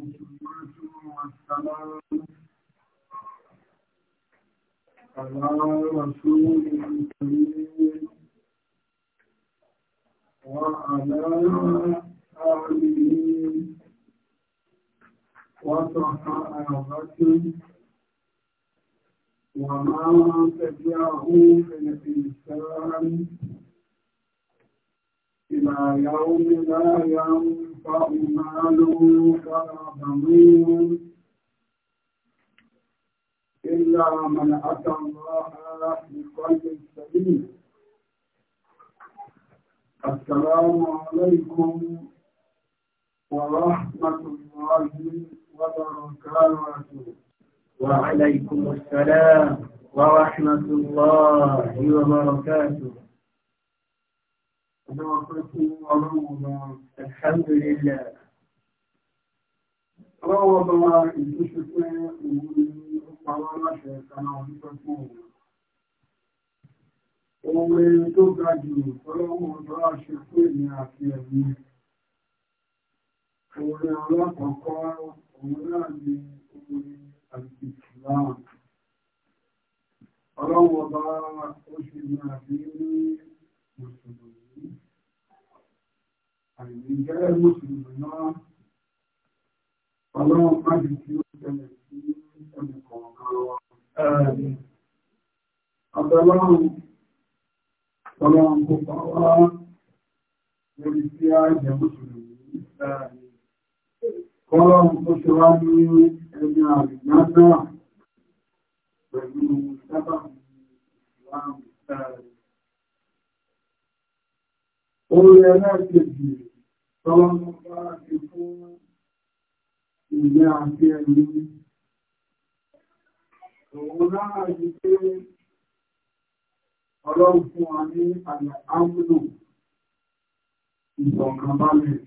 والسلام على رسول الكريم وعلى آله وصحابته ومن تبعه بالإنسان إلى يوم لا ينفع ينفع مال ولا إلا من أتى الله بقلب سليم السلام عليكم ورحمة الله وبركاته وعليكم السلام ورحمة الله وبركاته Ọlọ́wọ́ ọba ìtúnṣe pé òun ni ó pa wá láṣẹ ìkaná ọdúnṣẹ́ fún òun. Ohun tó ga jù ọlọ́wọ́ ọba ṣe pé ní àti ẹ̀mí. Orin alákọ̀ọ́kọ́ òun náà ni orin àti ìsìláàmù. Ọlọ́wọ́ ọba ó ṣe ní àti ní Mùsùlùmí àìní gẹ́gẹ́ mùsùlùmí náà ọlọ́run má jù kí ó tẹ̀lé sí ẹnì kọ̀ọ̀kan wa. Àbẹ̀lọ́run ọlọ́run kò pa wá lórí tí a jẹ mùsùlùmí. Kọ́lọ́run Tọ́lọ́mọ bá ti fún ìgbẹ́ àti ẹ̀mí. Òun náà yí pé ọlọ́run fún wa ní àyà ámúlò ìfọ̀kànbalẹ̀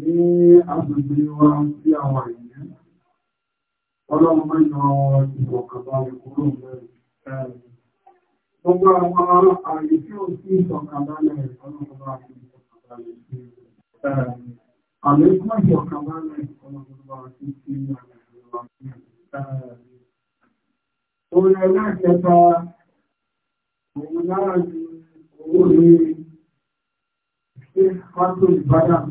ní agbègbè wa sí àwọn ìyẹ́. Ọlọ́run mẹ́yọ ìfọ̀kànbalẹ̀ kúrò mẹ́rin. Gbogbo àwọn àyè tí ó sí ìfọ̀kànbalẹ̀ ọlọ́run bá Àlékún ìyọ̀kan bá lẹ́yìn ọlọ́gbọ́n wa ti fi àwọn ìlú wa ní Orin ẹlẹ́kẹta, òun lára ju owó ní ṣe pátó ìbádàn,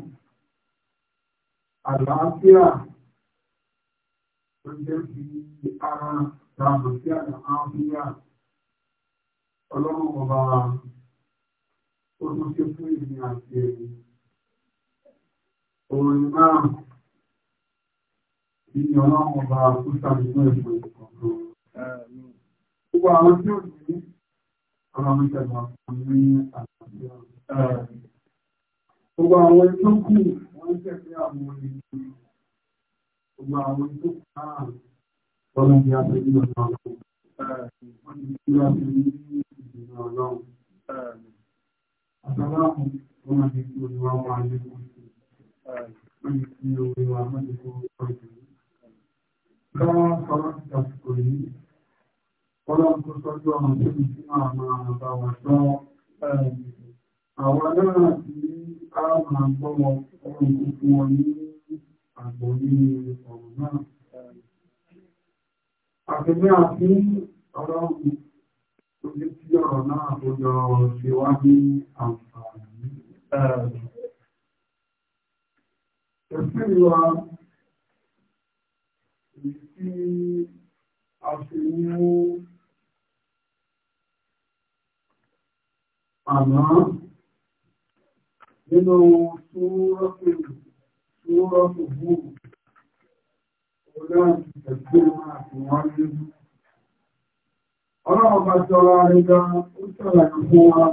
àlàáfíà, oúnjẹ fi ara, ó tún ṣe fún ìrìn àti ẹ̀yìn. Òun náà kí ni ọlọ́run ọba Kúta nínú ẹ̀sùn ìkọ̀ọ̀kan. Gbogbo àwọn tí ò ní ọlọ́run tẹ̀lé àwọn ní àlàáfíà. Gbogbo àwọn tó kù wọ́n tẹ̀lé àwọn ènìyàn. Gbogbo àwọn tó kù náà lọ́nà ní àtàlákùn tó máa ti kú olúwa máa lé kú sí lórí tí olúwa máa ti kú ọjọ́ lọ́wọ́ sọ́rọ́ ti tàbíkò yìí ọlọ́run tó sọ́jú ọmọ tó ní sí máa máa bá wà sọ àwọn náà a máa gbọ́ wọn ọrùn kúkú wọn ní àti ọlọ́run tó ní kí ọ̀rọ̀ náà tó jọ ṣe wá ní àǹfààní ẹ̀rùn. Ẹ̀sìn tí a ṣe ní àná nínú súnrọ́pù búrú, ọ̀dá ẹ̀sìn wa àti wọ́n lébú ọlọ́run bá jọra rẹ̀gá ó sàlàyé fún wa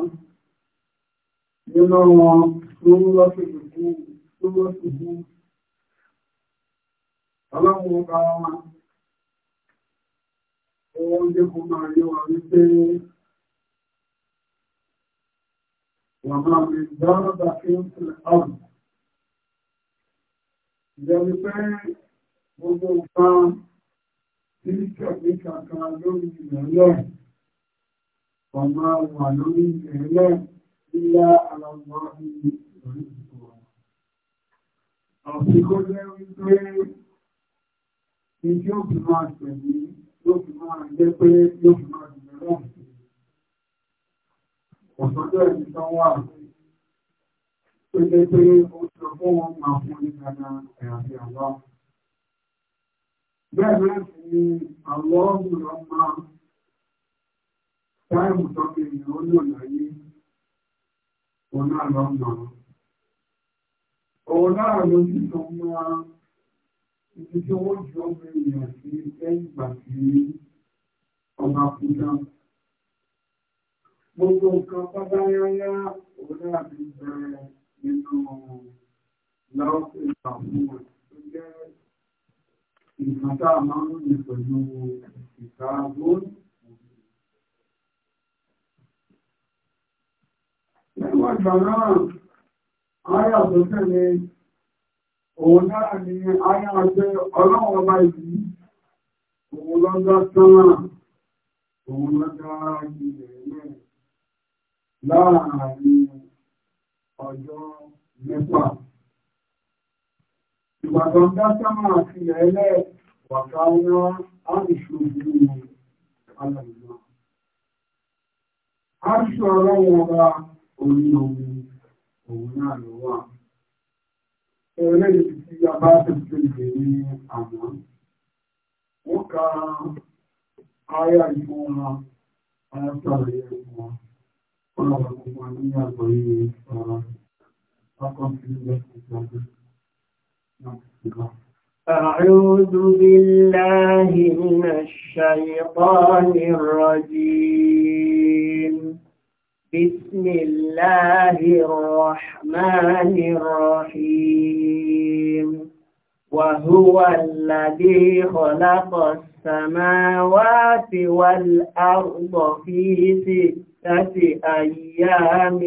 nínú wọn tó lọ́sìnkú ọlọ́run bá ohun jẹ́ kó máa yẹ Wa wípé wà máa lè dára bá kí ó sílẹ̀ àrùn ìjẹ́ gbogbo nǹkan tí ìjọba kankan lórí ìrẹ̀lẹ̀ ọmọ wà lórí ìrẹ̀lẹ̀ nílá àlọ́gbọ́ ní oríṣìí wọn. Àsìkò jẹ́ wípé ìjọ fi máa tẹ̀lé ló fi máa jẹ́ pé ló fi máa jùlọ náà sí. Ọ̀sọ́jọ́ ẹ̀mí tán wà tó jẹ́ pé ó sọ fún wọn máa fún ní dáadáa ẹ̀yàfi àwọn bẹ́ẹ̀ náà ni àwọn ọ̀gbìn ọmọ táìmù tọ́kì ìyàwó náà láyé òun náà lọ mọ̀ òun náà ló ní ọmọ ibi tí wọ́n ju ọmọ ènìyàn sí lẹ́yìn ìgbà tí ọba kú náà gbogbo nǹkan pátá yáyá òun náà ti bẹ̀rẹ̀ nínú lọ́ọ̀sì ìgbà fún wọn tó jẹ́ nǹkan tá a máa ń rìn pẹ̀lú ìka góòlù. Lẹ́yìn ọ̀gbà náà, àyà tó tẹ̀lé òun náà ni àyà jẹ́ ọlọ́run ọba yìí, òun lọ́gbà sánà, òun lọ́gbà ilẹ̀ ọjọ́ mẹ́fà ìgbàgbọ́n dásámà àti ẹ̀lẹ́ wàká wọn àrùsù ìlú alàmìnà àrùsù ọlọ́wọ́ ọba orí omi òun náà ló wà ẹ̀rẹ́ ìfìsí abá tẹ̀sí ìgbè ní àmọ́ wọ́n ka ayá ìfún wọn ayátọ̀rọ̀ yẹ wọn ọlọ́wọ́ kò wá ní àgbọ̀yé أعوذ بالله من الشيطان الرجيم بسم الله الرحمن الرحيم وهو الذي خلق السماوات والأرض في ستة أيام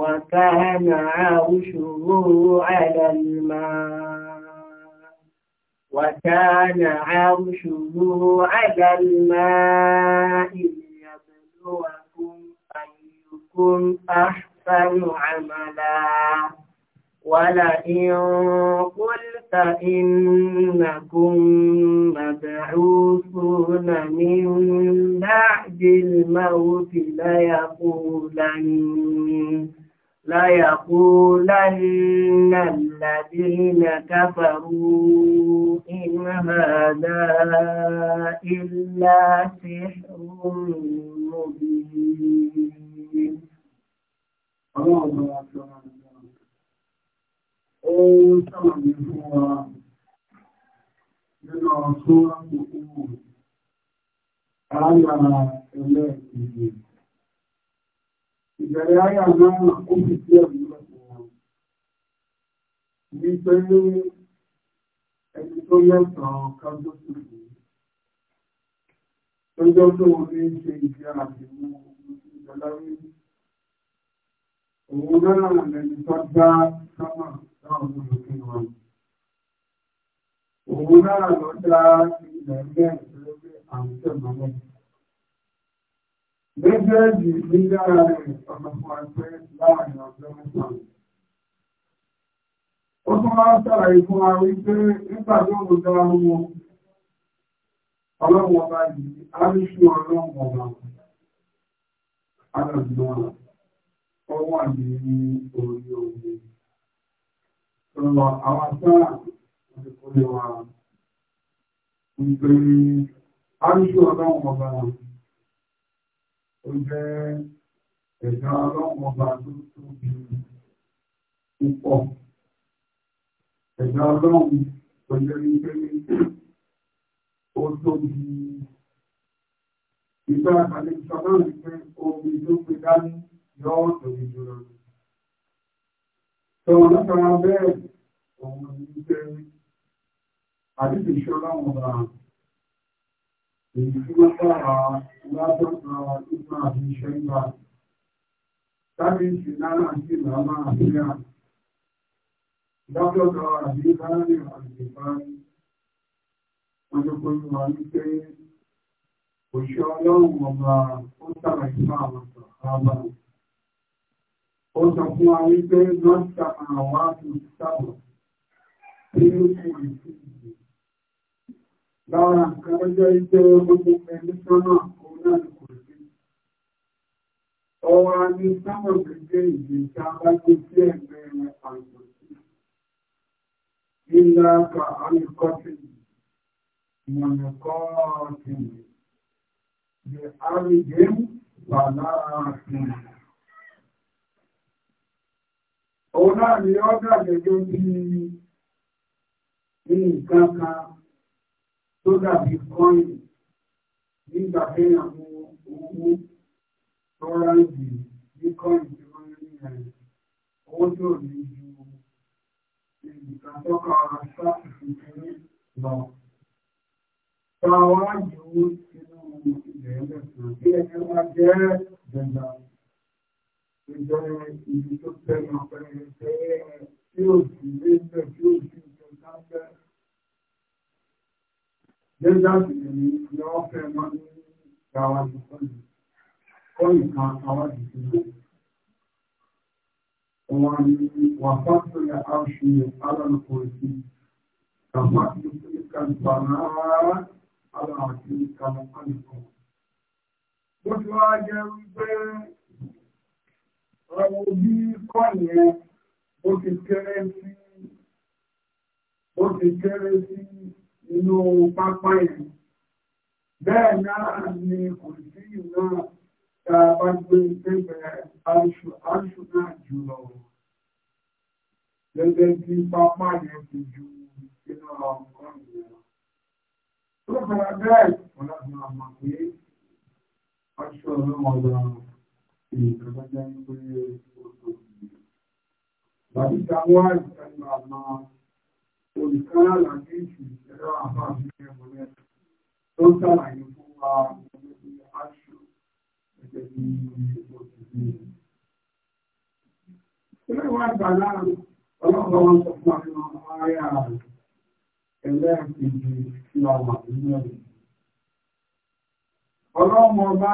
وكان عرشه على الماء وكان عرشه على الماء ليبلوكم أيكم أحسن عملا ولئن قلت إنكم مبعوثون من بعد الموت ليقولن ليقولن الذين كفروا إن هذا إلا سحر مبين ó sàmì fún wa nínú ọ̀tún àkókò ààyà ẹlẹ́ẹ̀kìí. Ìbẹ̀rẹ̀ ààyà náà ó fi sí ẹ̀mí lọ́pọ̀ wọn. Ní pé ẹni tó lẹ́tọ̀ọ́ kájọ́ sí ìlú. Lọ́jọ́ tó wọ́n ní ṣe ìfẹ́ àti mú ìjọlá Òun náà lẹ́ni tó dá sámà táwọn olùkí wọn. Òun náà ló dá ilẹ̀ ilé ìgbẹ́lẹ́gbẹ́ àwọn tó mọ́lẹ̀. Méjèèjì nígbàrá rẹ̀ ọmọkùnrin àgbẹ̀ láàrin ọ̀gbẹ́ mẹ́sàn-án. Ó tún máa a ọlọ́wọ́ bá. ọ̀rọ̀ àwọn sáà àti kòrò wà nítorí àríṣù ọlọ́run ọba ó jẹ́ ẹ̀dá ọlọ́run ọba tó tóbi púpọ̀ ẹ̀dá ọlọ́run tó jẹ́ nítorí ó tóbi ìgbà àgbàlẹ̀ ìṣọ́lọ́run pé omi tó gbé dání yọ́ tóbi jùlọ ni tó wọn látara bẹ́ẹ̀ àti iṣẹ́ ńgbà sábẹ́ǹsì náírà ní pé òṣìṣẹ́ ọlọ́run ọba ó sára ìfà àwọn ọ̀sán ó sọ fún wa wípé lọ́sà àwá tó sábọ̀ tí ó kù sí ìlú. Lára nǹkan ọjọ́ ìjẹ́ gbogbo ẹni sọ́nà òun náà ni kò sí. Ọwọ́ a ní sábọ̀ gbẹgbẹ́ ìgbésà bá gbé sí ẹgbẹ́ rẹ̀ àgbọ̀n sí. Ilá ka àríkọ́sí ìmọ̀nàkọ́ ọ̀sìn. The Arigem Bàlá Àfihàn òun náà ni ó dàbẹ̀ tó bí ní nǹkan kan tó dàbí kọ́ìn nígbà kéèyàn mú owó tó ráǹdì ní kọ́ìn tí wọ́n rí rẹ̀ owó tí ò ní ju nǹkan tó kọ́ ọ̀rọ̀ sáàtì kékeré lọ. Táwọn á yòó sínú ilẹ̀ ẹlẹ́sìn kí ẹni wá jẹ́ dandan ìjẹ́ ibi tó tẹnu ọ̀pẹ̀rẹ̀ tẹ́ tí ó sì lé bẹ̀ tí ó sì jẹ sáfẹ́. Jẹ́jà sì ní ni wọ́n fẹ́ mọ́ ní ìgbàwájú fọ́nì. Fọ́nì kan àwájú sí lọ. Wọ́n ní wà fásitì àṣù alọ́nàkọ̀ sí. Kàfá ti fi kàlùfà náà alọ́ àti wá jẹ́ wípé ọmọ bí kọ́ yẹn bó ti kéré sí bó ti kéré sí inú pápá yẹn bẹ́ẹ̀ náà ni kò sí náà tá a bá gbé sẹ́gbẹ̀ẹ́ aṣọ náà jùlọ gẹ́gẹ́ bí pápá yẹn ti ju inú ọgbọ́n yẹn. Tó fara bẹ́ẹ̀ ọ̀la fi aṣọ ọlọ́mọdé ọ̀run ìjọba jẹ́ pé ó tóbi. Bàbí ta wá ìtẹ́nu àmà olùkọ́lá làbí ìṣẹ̀lẹ̀ àbá àbíkẹ́ mọ́lẹ̀ tó ń sàlàyé fún wa gẹ́gẹ́ bí aṣọ gẹ́gẹ́ bí òṣèlú. Ilé ìwà ìgbà náà ọlọ́pàá wọn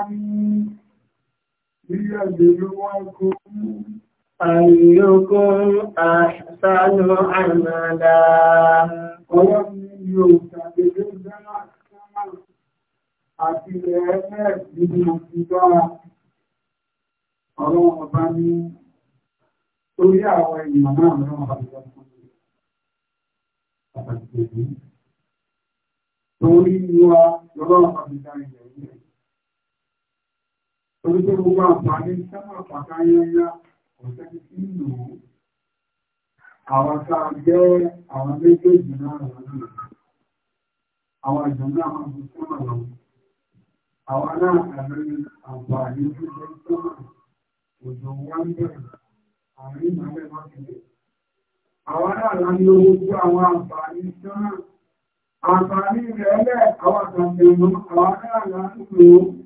ní Àyíkún àṣánú àmàdá. Ọlọ́run ni yóò ṣàdédé dáná sánmà àti ẹ̀ẹ́mẹ́ nínú ìgbà ọlọ́run ọba ní orí àwọn ènìyàn náà náà àjọ fún ìgbà. Torí wa lọ́lọ́run ọba ní dáríyẹ torí pé gbogbo àǹfààní sábà pàtàyányá ọ̀sẹ́ni tí ń lò ó àwọn tá a jẹ́ àwọn méjèèjì náà wà nínú àwọn ìjọba àwọn tó sábà lọ àwọn náà àárín àǹfààní tó jẹ́ sábà owó tó àwọn àǹfààní sábà àǹfààní rẹ̀ lẹ̀ àwọn àtàkùn àwọn náà láyé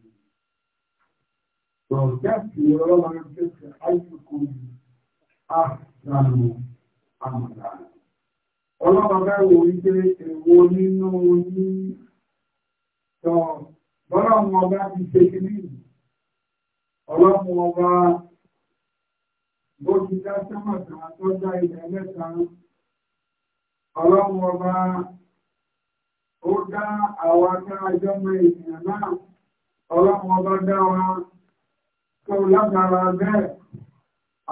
Rọ̀jẹ́sì ọlọ́run kéèkì àìsíkòrò àṣàrò àmàlà. Ọlọ́run bẹ́ẹ̀ wo wípé èwo nínú yí tọ́ bọ́lọ́run ọba ti ṣe kìíní. Ọlọ́run ọba bó ti dá sọ́mọ̀tà tó dá ilẹ̀ mẹ́ta. Ọlọ́run ọba ó dá àwọn akáàjọ́mọ ènìyàn náà. Ọlọ́run ọba dá wa tó lágbára bẹ́ẹ̀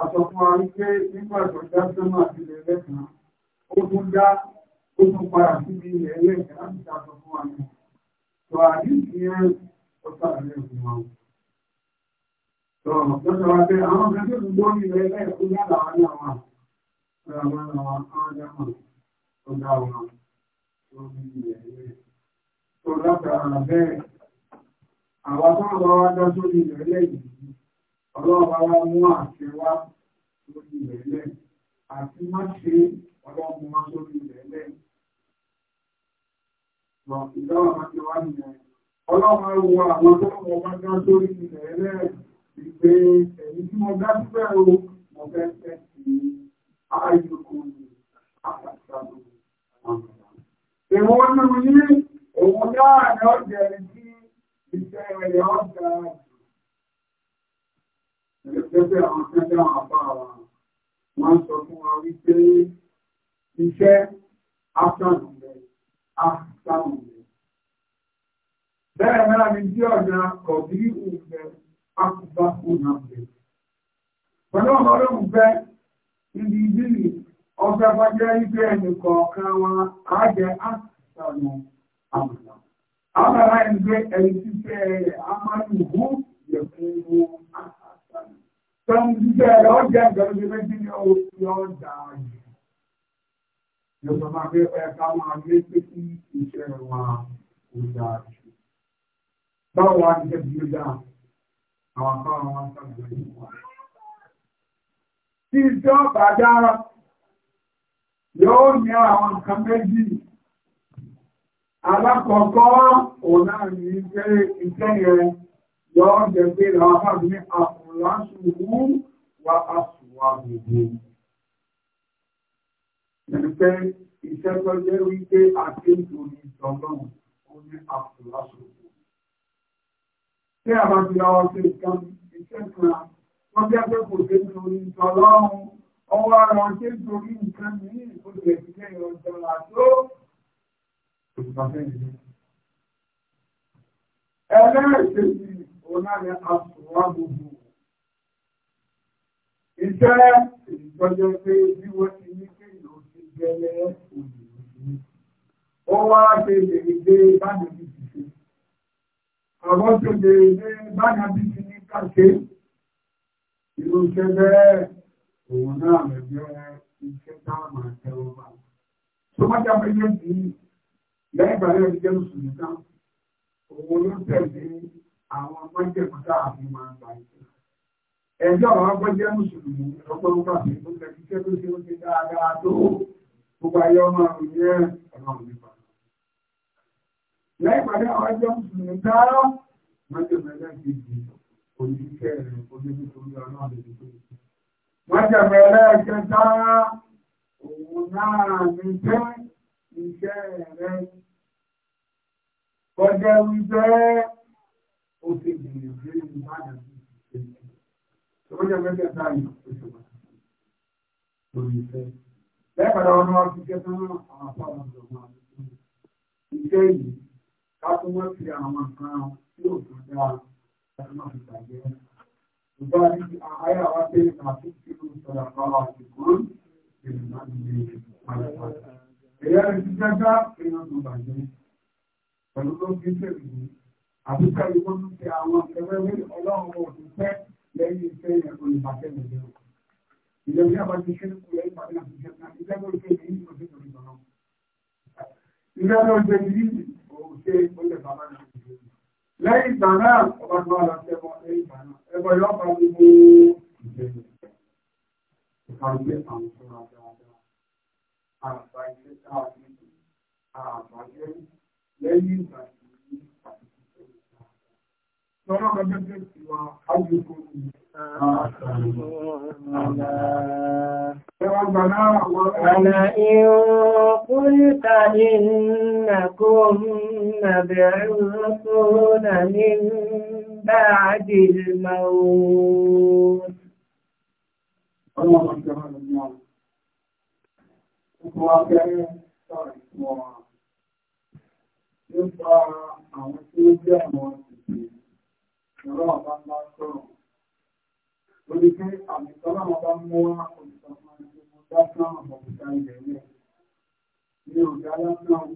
àtọ̀kùn àríké nígbà tó dá sọ́mà ilẹ̀ ẹlẹ́kàn ó tún dá ó tún padà síbi ilẹ̀ ẹlẹ́kàn láti ṣàtọ̀ fún wa náà tó àdínkì yẹn ó sàrẹ̀ fún wa. Tọ̀rọ̀ lọ́sọ̀ wa pé àwọn ọmọ ẹgbẹ́ ìlú lórí ilẹ̀ ẹlẹ́kùn yàrá wa ní àwọn àwọn àwọn àwọn àjámọ̀ tó dá wa lórí ilẹ̀ ẹlẹ́kùn. Tó lágbára bẹ́ẹ̀ àwọn tó ń lọ wá dá sórí ilẹ̀ ọlọ́run ara mú àṣẹ wá lórí ilẹ̀ lẹ̀ àti má ṣe ọlọ́run wá lórí ilẹ̀ lẹ̀. ìdáwọ̀ máa ti wá nìyẹn ọlọ́run á wo àwọn tó wọ́n bá dá sórí ilẹ̀ lẹ̀ ìgbé ẹ̀yìn tí mo dájú pẹ́ o mo fẹ́ fẹ́ sí ayọ̀kọ̀ ní àtàkùn ìwọ̀n nínú yìí òun dáa ni ọ̀jẹ̀ ẹni tí iṣẹ́ rẹ̀ ọ̀gá Ẹgbẹ́gbẹ́ àwọn tẹ́lẹ̀ àwọn àbá wa, wọ́n sọ fún wa wípé iṣẹ́ afẹ́nùmẹ́, afẹ́nùmẹ́. Bẹ́ẹ̀ náà ni tí ọ̀nà kọ̀bí ìwùfẹ́ akùbá kùnà bẹ̀. Pẹ̀lú ọmọ olóhùn fẹ́, ibi ìbílì, ọ̀fẹ́ fọ́jẹ́ wípé ẹnì kọ̀ọ̀kan wa á jẹ́ afẹ́nù àmàlà. Àwọn ará ẹni pé ẹni tí fẹ́ rẹ̀ hù yẹ wọn. Tọ́mù jíjẹ́ rẹ̀ ó jẹ́ nǹkan bí méjì ní yóò dáa jù. Yóò sọ máa pé ẹ ká máa gbé pé kí iṣẹ́ wa ó dáa jù. Báwo wá ní ṣẹ́bi ó dáa? Àwọn akọ́rọ̀ wọn sọ̀rọ̀ lórí wa. Tí iṣẹ́ ọ̀bà dára, yóò ní àwọn nǹkan méjì. Alákọ̀ọ́kọ́ òun náà ní iṣẹ́ yẹn yóò jẹ́ pé àwọn afáàbí ní àpò àmúlásùwú wá àsùwà gbogbo. Ẹni pé iṣẹ́ tó jẹ́ wípé àkéjò ní ìjọlọ́run ó ní àmúlásùwú. Ṣé àbá ti ra wa ṣe ìkan iṣẹ́ kan wọ́n jẹ́ pé kò ṣe nítorí ìjọlọ́run ọwọ́ ara ṣe nítorí nǹkan ní ìfòjì ìṣẹ́ ìrọ̀jọ̀lá tó ẹlẹ́ẹ̀kejì òun náà ni àsùnwá gbogbo. Iṣẹ́ ìjọjọ́ pé bí wọ́n ti ní kí ìlú ti gẹ́lẹ́ òyìnbó ní. Ó wá ṣe lèrè dé bánàbí ti ṣe. Àwọn tó lèrè dé bánàbí ti ní káṣe. Irú iṣẹ́ bẹ́ẹ̀ òun náà rẹ̀ jẹ́ iṣẹ́ táwọn àtẹwọ́ bá. Tó má jábẹ́ yé di lẹ́yìn ìgbà náà ti jẹ́ mùsùlùmí kan. Òun ló tẹ̀lé àwọn mọ́jẹ̀kúta àfi máa gbà ìṣẹ́ ẹjọ́ àwọn agbọ́jẹ́ mùsùlùmí ọ̀pọ̀ ọmọ àti ìpínlẹ̀ kíkẹ́ tó ṣe ó ti dáadáa tó gbogbo ayé ọmọ mi jẹ́ ọ̀nà òní pa. lẹ́yìn pàdé àwọn ẹjọ́ mùsùlùmí tààrọ́ mọ́jọ́ mẹ́lẹ́ ti di oníṣẹ́ rẹ̀ oníṣẹ́ torí ọ̀nà òní pé. mọ́jọ́ mẹ́lẹ́ ṣe tààrọ́ òun náà ní jẹ́ iṣẹ́ rẹ̀ kọjá ó jẹ́ pé bẹ́ẹ̀ báyìí ó ṣe wà lórí iṣẹ́. Bẹ́ẹ̀ padà wọn wá fi kẹta àwọn afáwọn ọ̀dọ́gbọ́n iṣẹ́ yìí ká tún wọ́n fi àwọn nǹkan tí ò tún dá ẹ̀rọ náà fi bàjẹ́. Ìgbà ní àyà wa pé àti kí ló sọ̀rọ̀ àpárá àti kúrò èèyàn náà ti lè pàdàpàdà. Èyá rẹ̀ ti dájá èèyàn tó bàjẹ́. Pẹ̀lú tó fi ń tẹ̀lé àbíkẹ́ ìwọ́n ti àwọn ẹgbẹ́ ọlọ́run òṣìṣẹ́ lẹ́yìn pé olùbàtẹ́ mi o. ìjọba yàrá ti ṣe kú lẹ́yìn pàdé àti iṣẹ́ náà iṣẹ́ tó ṣe ní ìlú tó ṣe lọ́nà. iṣẹ́ tó ṣe ní ìlú kò ṣe olè bàbá náà ti ṣe. lẹ́yìn ìgbà náà ọba tó wà láti ẹbọ lẹ́yìn ìgbà náà ẹbọ yóò bá mi mú ìṣe mi. ìkàwé àwọn tó ra dáadáa àbájẹ àbájẹ lẹ́yìn ìgbà náà. ولئن قلت إنكم مبعوثون من بعد الموت الله أكبر الله الله أكبر الله يبقى àwọn tí ó jẹ́ àwọn ìpínlẹ̀ lọ́wọ́ bá ń bá sọ̀rọ̀. ó ní pé àmì tọ́lọ́wọ́ bá mú wá olùsọ̀kan ní mo dá fún àwọn ọ̀gá ilẹ̀ rẹ̀. mi ò dá lásán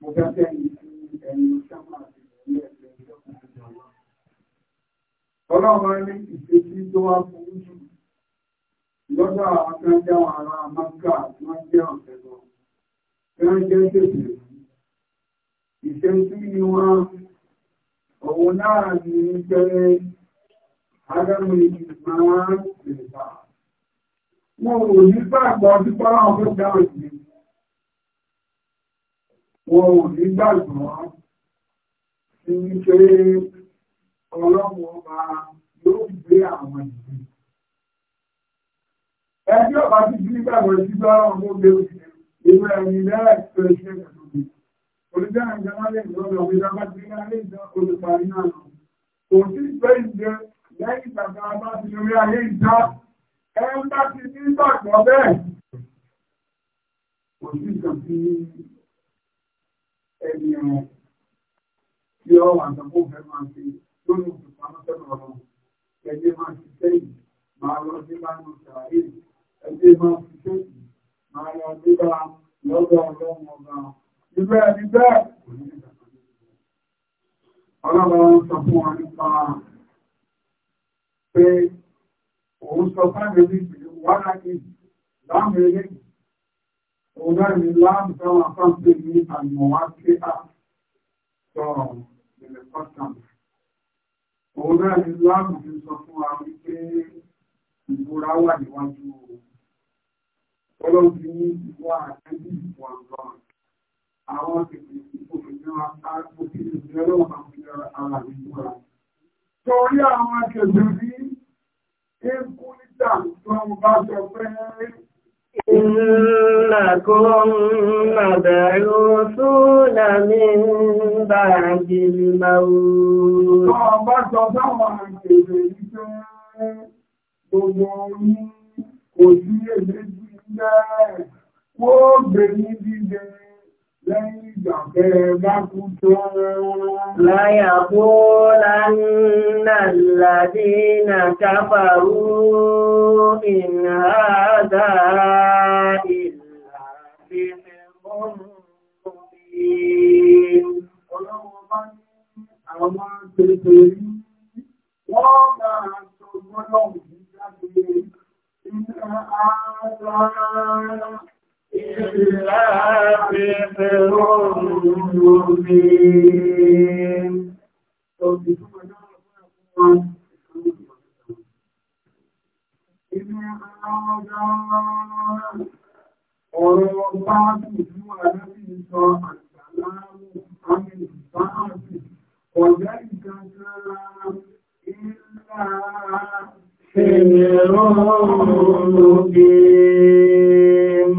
mo dá sẹ́yìn sí ẹni sọ́mà àti ìrẹ̀lẹ̀ ẹgbẹ́ ìjọkùnrin jọ̀wọ́. ọlọ́run ní ìṣesí tó wá fún jù lọ́dọ̀ àwọn akẹ́kẹ́ ara amáka tí wọ́n jẹ́ ọ̀sẹ̀ lọ. kí wọ́n jẹ́ ìṣèṣe ni wọ́n Òun náà ni pé Adamu máa ń pèsà. Wọ́n ò ní gbàgbọ́ tí pọ́lá ọdún dáhùn sí. Wọ́n ò ní gbàgbọ́ sí wípé ọlọ́run ọba yóò gbé àwọn ìgbé. Ẹjọ́ ọba ti gbígbàgbọ́ sí pọ́lá ọdún gbé ìwé ẹni lẹ́ẹ̀kẹ́ ṣẹ́gbẹ̀ẹ́ Oníjẹ́ àjẹ́málẹ̀ ìjọba òwúrọ̀ bá ti máa lè jẹ́ olùparí náà. Kò sí ìfẹ́ ìjẹ lẹ́yìn ìgbàgbà bá ti lórí ayé ìjá. Ẹ ń bá ti ní ìgbàgbọ́ bẹ́ẹ̀. Kò sí ìkan sí ẹni ẹ̀rọ tí ọ wà sọ́kó fẹ́ máa ṣe lórí olùpamọ́ sẹ́nu ọ̀rọ̀. Ẹgbẹ́ máa ti sẹ́yìn, máa lọ sí máa lọ sàárè ìgbẹ́ ìgbẹ́ ọlọ́run sọ fún wọn nípa pé òun sọ fáìlì ìpínlẹ̀ wákàtí láàmù ilé òun náà ni láàmù táwọn afáǹpé ní àmọ̀wá kí á sọ̀rọ̀ ilẹ̀ pọ́tàmù wa wípé ìbúra wà níwájú ọlọ́run ti ní ìwà àtẹ́bí ìwà ọlọ́run àwọn kèfèrè tí kò fi ní wọn á kò sí ìlú ọlọ́wọ́ máa fi ara rẹ̀ múra. Torí àwọn kèfèrè tí eégún níta tí wọ́n bá sọ pé إنكم مبعوثون من بعد الموت Gbogbo لا يقولن الذين كفروا إن هذا إلا سحر مبين Àwọn akẹ́kẹ̀ẹ́ wọ́n máa sọ gbọ́nà òjì jáde iná àárá. Ọ̀rọ̀ ọgbá ti ìlú àdábì sọ àgbàláàmù àmì ìbáàbì, ọ̀gá ìgbàgbàrá ìlà ṣe ẹ̀rọ ọ̀rọ̀ ọ̀gbẹ̀m.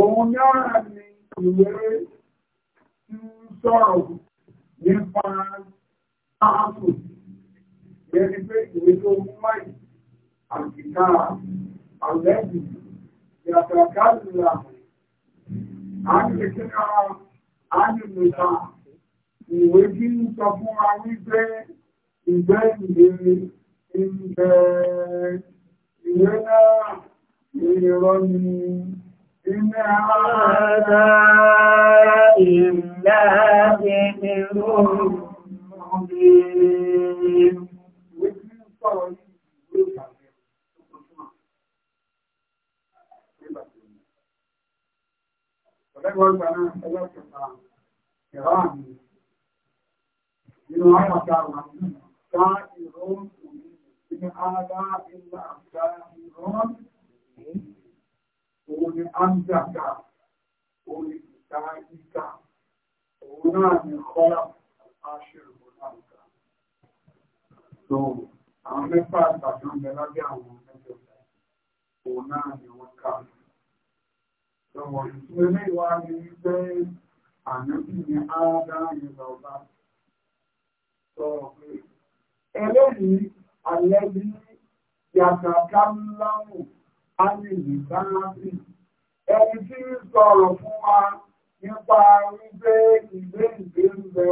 Òun náà ni ìwé tí ń sọ̀rọ̀ nípa táàpù. Yẹ́ni pé ìwé tó mú máì àkìká àlẹ́bù yàtọ̀ kálùlà àkìká ànìmọ̀ta ìwé tí ń sọ fún wa wípé ìgbẹ́ ìgbé ìgbẹ́ ìwé náà ìrọ̀ ni. إن هذا إلا ذكر مبين Nínú àwọn àtàwọn ká ìrọ̀ òní, ní àádá ìlà àtàwọn ìrọ̀ òní òun ni amdaka òun ni ìta ìta òun náà ni kọ́lá aṣèrò náà ìta. so àwọn mẹ́fà àtàkì ọmọ ẹlẹ́gbẹ́ àwọn mẹ́fà òun náà ni wọ́n ká. lọ́wọ́ ìtumẹ̀lẹ́ ìwà ni wípé ànábì ni ádáyé lọ́ba sọ pé ẹlẹ́rìí alẹ́ bí yàtàkà láwùn a ní ìsáńsì ẹni tí ń sọ̀rọ̀ fún wa nípa wípé ìgbé ìgbé ń bẹ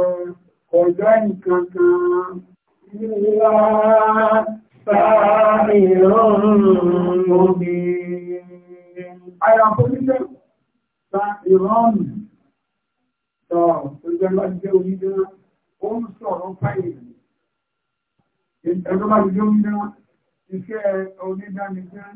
ọjọ́ nǹkan kan nílá sáré rọrùn lóbi ayàpọ̀lẹ́lẹ́ sa ìrọ́nù sọ ìjọba jẹ́ onídẹ́ ó ń sọ̀rọ̀ fáyìí ẹgbẹ́ bá jẹ́ onídẹ́ iṣẹ́ onídẹ́ nìkan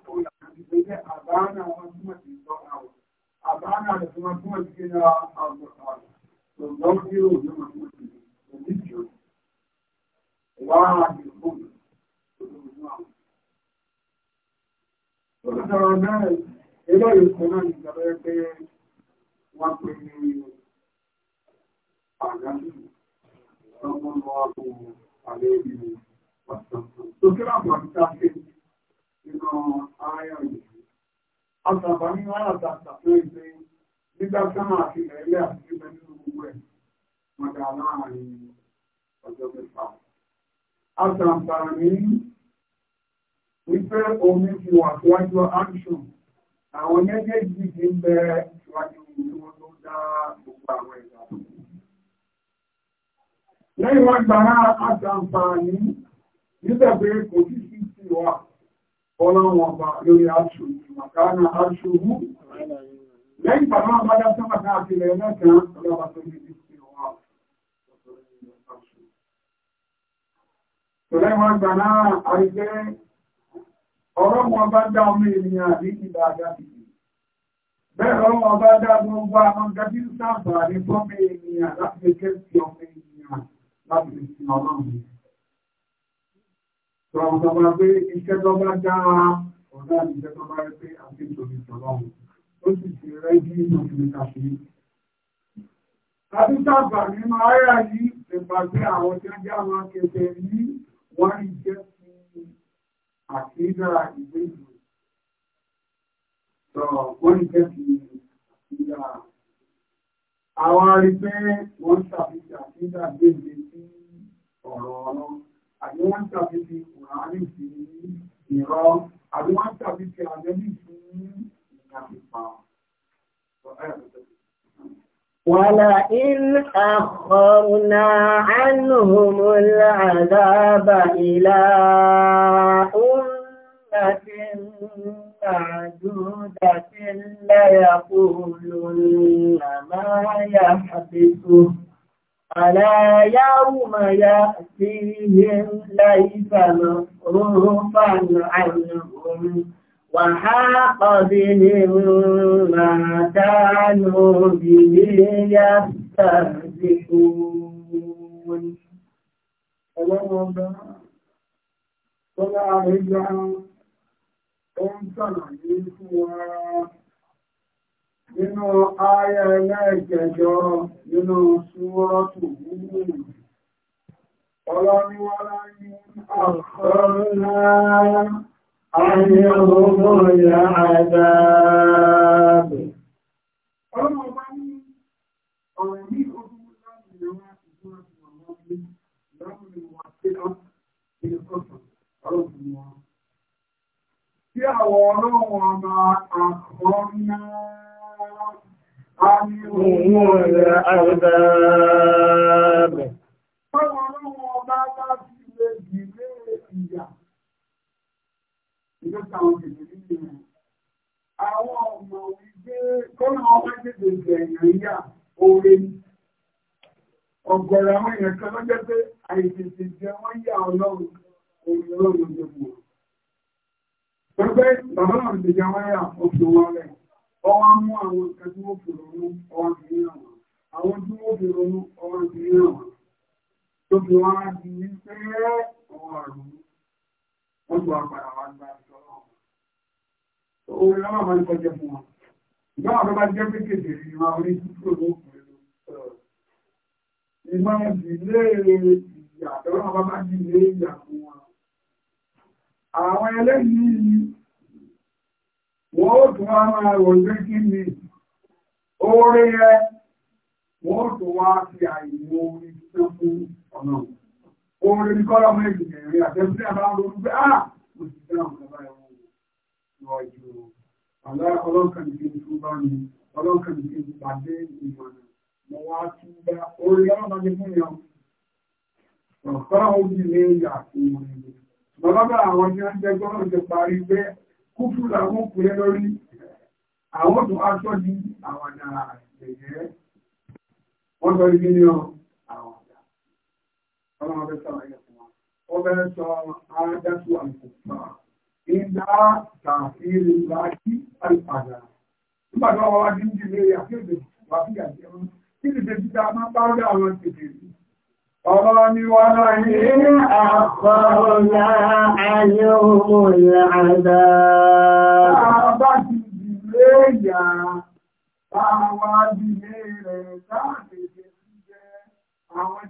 sai abana wani kuma ke zauna abana da kuma kuma ke na alƙur'ani to don kiro da mutum ke da jijiyo wa ke kuma Olùsọ̀rọ̀ náà ilé ìkọ̀ náà ní ìjọba ẹgbẹ́ wọ́n pè ní àgbàjú ọmọ ọmọ àlẹ́ ìlú ọ̀sán. Tó kí láàpọ̀ àti sáfẹ́ nínú ayọ̀ yìí. Àtàbà nínú àyàtàtà tó ń pè nígbà sánà àti ìrẹ̀lẹ̀ àti ìgbẹ́ nínú gbogbo ẹ̀ mọ̀dà láàrin ọjọ́ mẹ́fà. Àtàbà ní wípé omi ti wà síwájú action. Àwọn méjèèjì ti ń bẹ síwájú ìlú wọn tó dá gbogbo àwọn ẹ̀dá. Lẹ́yìn wọn gbàrá àtàǹfààní nígbà pé kò sí sí sí wà ọlọ́wọ̀n bá lórí aṣù màkánà aṣù mú lẹ́yìn pàdé wọn bá dáṣẹ́ màkà àti ilẹ̀ mẹ́sàn ọlọ́wà tó ní ti fi wà tọ́lẹ́ wọn gbà náà àìgbẹ́ ọlọ́wọ̀n bá dá omi ènìyàn àbí ìdá àjáde bẹ́ẹ̀ ọlọ́wọ̀n bá dá gbogbo àwọn gẹ́gẹ́ sáàbà ní fọ́mí ènìyàn láti lè kẹ́ tó àwọn ọmọ pé iṣẹ́ tó bá dára ọ̀dá ìṣẹ́ tó bá rí pé àti ìtòlù ìtọ̀lọ́run ó sì ti rẹ́gí ìmọ̀kìlìkà sí. Tàbí sábà nínú ara yìí nípa pé àwọn tí ó jẹ́ àwọn akẹ́kẹ́ ní wọ́n rí jẹ́ fún àkídà ìwé ìlú. Sọ wọ́n rí jẹ́ fún àkídà. Àwọn arí pé wọ́n ṣàfihàn àkídà sí ọ̀rọ̀ ọlọ́run àbí wọ́n ń tàbí ti kùránì sí ìrọ́ àbí wọ́n ń tàbí ti àjẹ́bí sí ìgbàgbà. ولئن أخرنا عنهم العذاب إلى أمة معدودة ليقولن ما يحبسه ألا يوم يأتيهم ليس مصروفا عنهم وحاق بهم ما كانوا به يستهزئون Ọlọ́run ọba, nínú ayé ẹlẹ́ẹ̀kẹjọ nínú súwọ́rọ́tù gúrù ọlọ́niwọ́lá ní àkọ́rọ́lá ayé ọgbọ́gbọ́ ìyá àjáàbì ọlọ́mọba ní ọ̀rọ̀ ní ọdún láti ìyàwó àti ìjọ́rọ̀ àwọn ọmọdé láàrin wà sí ọ̀pọ̀ عنهم العذاب Àwọn èèyàn kan lọ́jọ́ pé àìtètè jẹ wọ́n yà ọlọ́run orí jẹ́ fún wọn. Pẹ́pẹ́ bàbá náà ti jẹ wọ́n yà oṣù wọn rẹ̀ ọwá mú àwọn nǹkan tí wọ́n fi ronú ọwá fi ní àwọn àwọn tí wọ́n fi ronú ọwá fi ní àwọn tó fi wá di ní pé ọwọ́ àrùn wọ́n tó àpàdà wá gba ìjọ náà orí lọ́wọ́ máa ń kọjá fún wọn ìgbà àwọn bá jẹ́ pé àwọn ẹlẹ́yìn wọ́n ó tún wá máa rò pé kí ni oore yẹ wọ́n ó tún wá fi àìwò orí tó fún ọ̀nà oore ní kọ́lá ọmọ ìgbìyànjú rẹ̀ àtẹ́sí àbáwọn olùgbé àà ah, mo sì fẹ́ àwọn ọ̀gá ẹ̀wọ̀n lọ ju àlá ọlọ́kàn ní kí n tún bá mi ọlọ́kàn ní kí n pàdé ìmọ̀nà mo wá tún bá oore ọlọ́kàn ní fún yàn ọ̀pá òbí lè yà fún orin bàbá kúfù làwọn pè é lórí àwọn tó aṣọ ní àwọn ẹ̀yẹ wọ́n sọ ibi ní àwọn àdá ọmọ ọbẹ̀ sàlàyé fún wa ó bẹ́ẹ̀ sọ àádásù àlùkùnfà ìdá tàfíìrì láti àlùpàdà nígbà tí wọ́n wá dín dín lé àfihàn wà fíyà kí ni tètè tá a máa bá rí àwọn tètè yìí Ọ̀rọ̀ ni wọ́n rọ̀ ní àpọ̀ọ̀lá ayọ́mọ̀lá àdá. Àbá ti dìlé ìyá, àwọn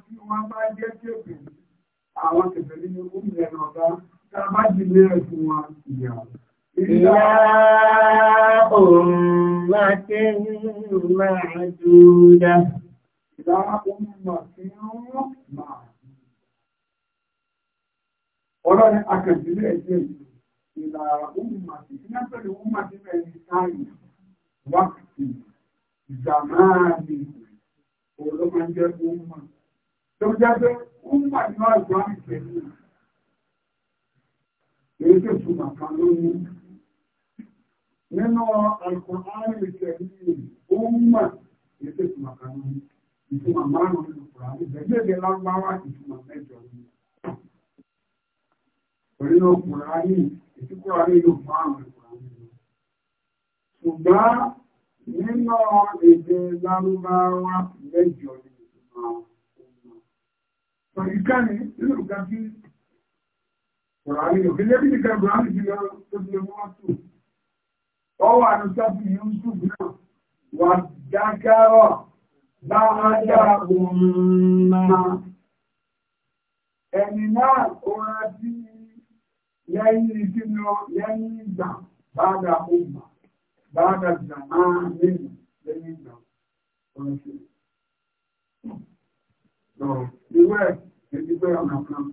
tí wọ́n bá jẹ́ kébè, àwọn kèfè ní oúnjẹ náà bá, tá bá dìlé rẹ̀ wọn ìyá. Ìyá Ọlọ́ni akẹ̀sílẹ̀ ẹ̀jẹ̀ ìlàrà ọmọdé ní ẹgbẹ̀rẹ̀ ọmọdé mẹ́rin sáàrì wákìtì ìzàmáàmì olómọdé ọmọ. Tó jẹ́ pé ọmọdé náà gbọ́ ìpẹ̀lú. Èyí tó túnmà kan lónìí. Nínú àìkọ̀ọ́ ìtumọ̀ márùn-ún nínú kùránì ìgbẹ́gbẹ́gbẹ́ lárúbáwá ìtumọ̀ mẹ́jọ ni. Torí náà kùránì ètí kùránì yóò márùn-ún kùránì lọ. Ṣùgbọ́n nínú èdè lárúbáwá mẹ́jọ ni ìtumọ̀ ọmọ. Sọ̀rọ̀ ìkànnì nínú nǹkan tí kùránì yóò fi lébi nìkan kùránì ti lọ tó fi lè mú wá tù. Ọwọ́ àdúgbò Yusuf náà wà dákẹ́rọ̀. Láàájá òmìnà ẹni náà dị tí lẹ́yìn ìdínà lẹ́yìn ìgbà báadà ọmọ, báadà ìjàmá nínú lẹ́yìn ìgbà ọ̀rọ̀ṣẹ́. Ìwẹ́ ìdígbẹ́ ọ̀nà kan,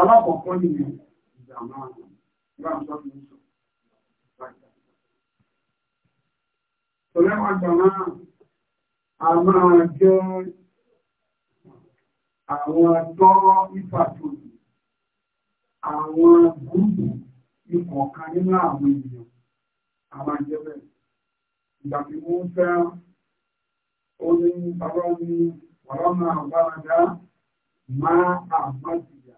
alákọ̀ọ́kọ́ nìyẹn ìjàmá a máa jẹ́ àwọn tọ́rọ ìfàtòlù àwọn gúrùpù ìkọ̀ọ̀kan nínú àwọn ènìyàn a máa jẹ́ bẹ́ẹ̀ ìgbà tí wọ́n fẹ́ ó ní bàbá ní wàrà máa bára dá máa àmàdìyà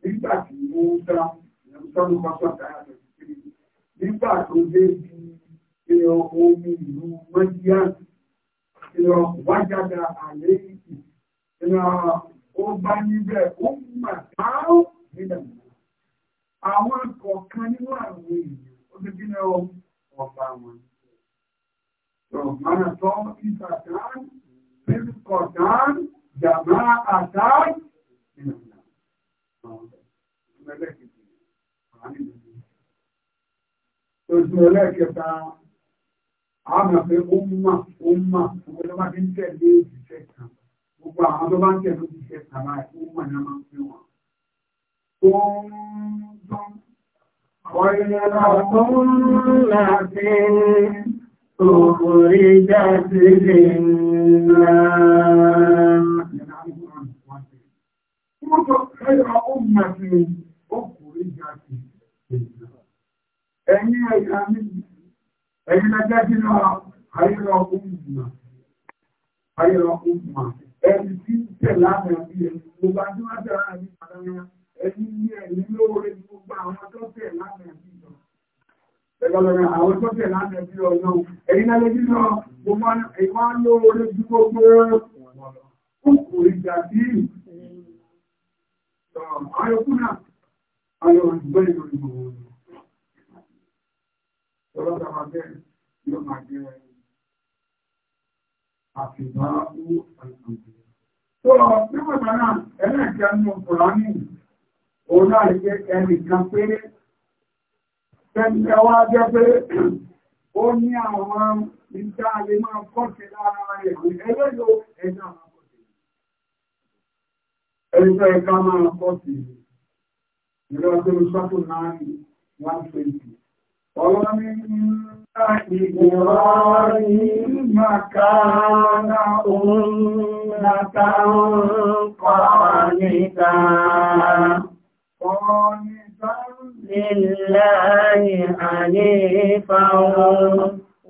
nígbà tí wọ́n fẹ́ ìyàmùsọ́nù pásọ̀ àtàyà tẹ̀sí nígbà tó dé bí omi ìlú mẹ́tíyàtì ìrọ̀ wájàdà àlẹ́ ìkì ìrọ̀ ó bá níbẹ̀ ó mà táó nílẹ̀ mọ́. Àwọn kọ̀ọ̀kan nínú àwọn èèyàn ó ti gíná ọba wọn. Rọ̀mánà tọ́ ìsàtán, pẹ́sìkọ̀tán, jàmá àtán nílẹ̀ mọ́. Oṣù ẹlẹ́kẹta àwọn àfẹ́ ó mà ó mà gbogbo tó bá ti ń tẹ̀lé òṣìṣẹ́ kan gbogbo àwọn tó bá ń tẹ̀lé òṣìṣẹ́ kan máa ó mà ní a máa ń fi wọn. Oúnjẹ ọ̀yẹ̀rọ̀ tó ń là sí òkúrí jáde lè ńlá. Wọ́n sọ ẹ̀rọ ó mà sí òkúrí jáde lè ńlá. Ẹ̀yin ẹ̀yà mi ẹ̀yin lẹ́jẹ́ nínú ayẹ̀rọ ọmọ ayẹ̀rọ ọmọ ẹni tí ń tẹ̀ láàrin àbí ẹni tó bá tí wọ́n tẹ̀lá àbí padà ẹni ní ẹ̀yìn lóore ní gbogbo àwọn tó tẹ̀ láàrin àbí lọ. Ẹgbẹ̀rẹ̀ àwọn tó tẹ̀ láàrin àbí ọ̀nà ẹ̀yin lẹ́jẹ́ nínú gbogbo ìwà lóore ju gbogbo kòkò ìjà sí ayọ̀kúnà ayọ̀ ìgbẹ́ ìròyìn gbogbo ọlọ́dà máa jẹ́ yóò máa jẹ́ àfihàn owó àìsànjẹ́. tó nígbàtà náà ẹlẹ́ẹ̀kẹ́ nínú kùránì òun náà lè jẹ́ ẹnìkan péré tẹ́lẹ̀ wá jẹ́ pé ó ní àwọn ìjà lè máa kọ́ọ̀tì lára rẹ̀ ẹlẹ́yọ ẹ̀dá máa kọ́ọ̀tì. ẹ̀dá ẹ̀ka máa kọ́ọ̀tì ìrọ̀lẹ́ ìṣàkóso náà ní one twenty. ومن إبراهيم كان أمة قانتا قانتا لله حنيفا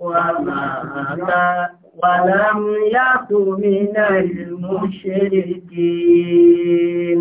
وما ولم يك من المشركين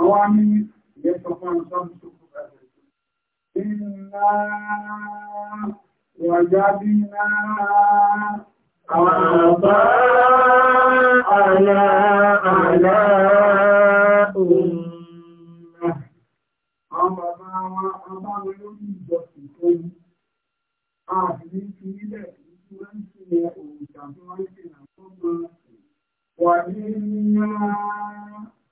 àwọn àmì ìgbẹ́sọ̀ fún ọ̀sán tó kù rẹ̀. Iná wàjábíná àbá àlá àlá òun. Àwọn bàbá wa abáwọn lórí ìjọsìn tó ń. A sì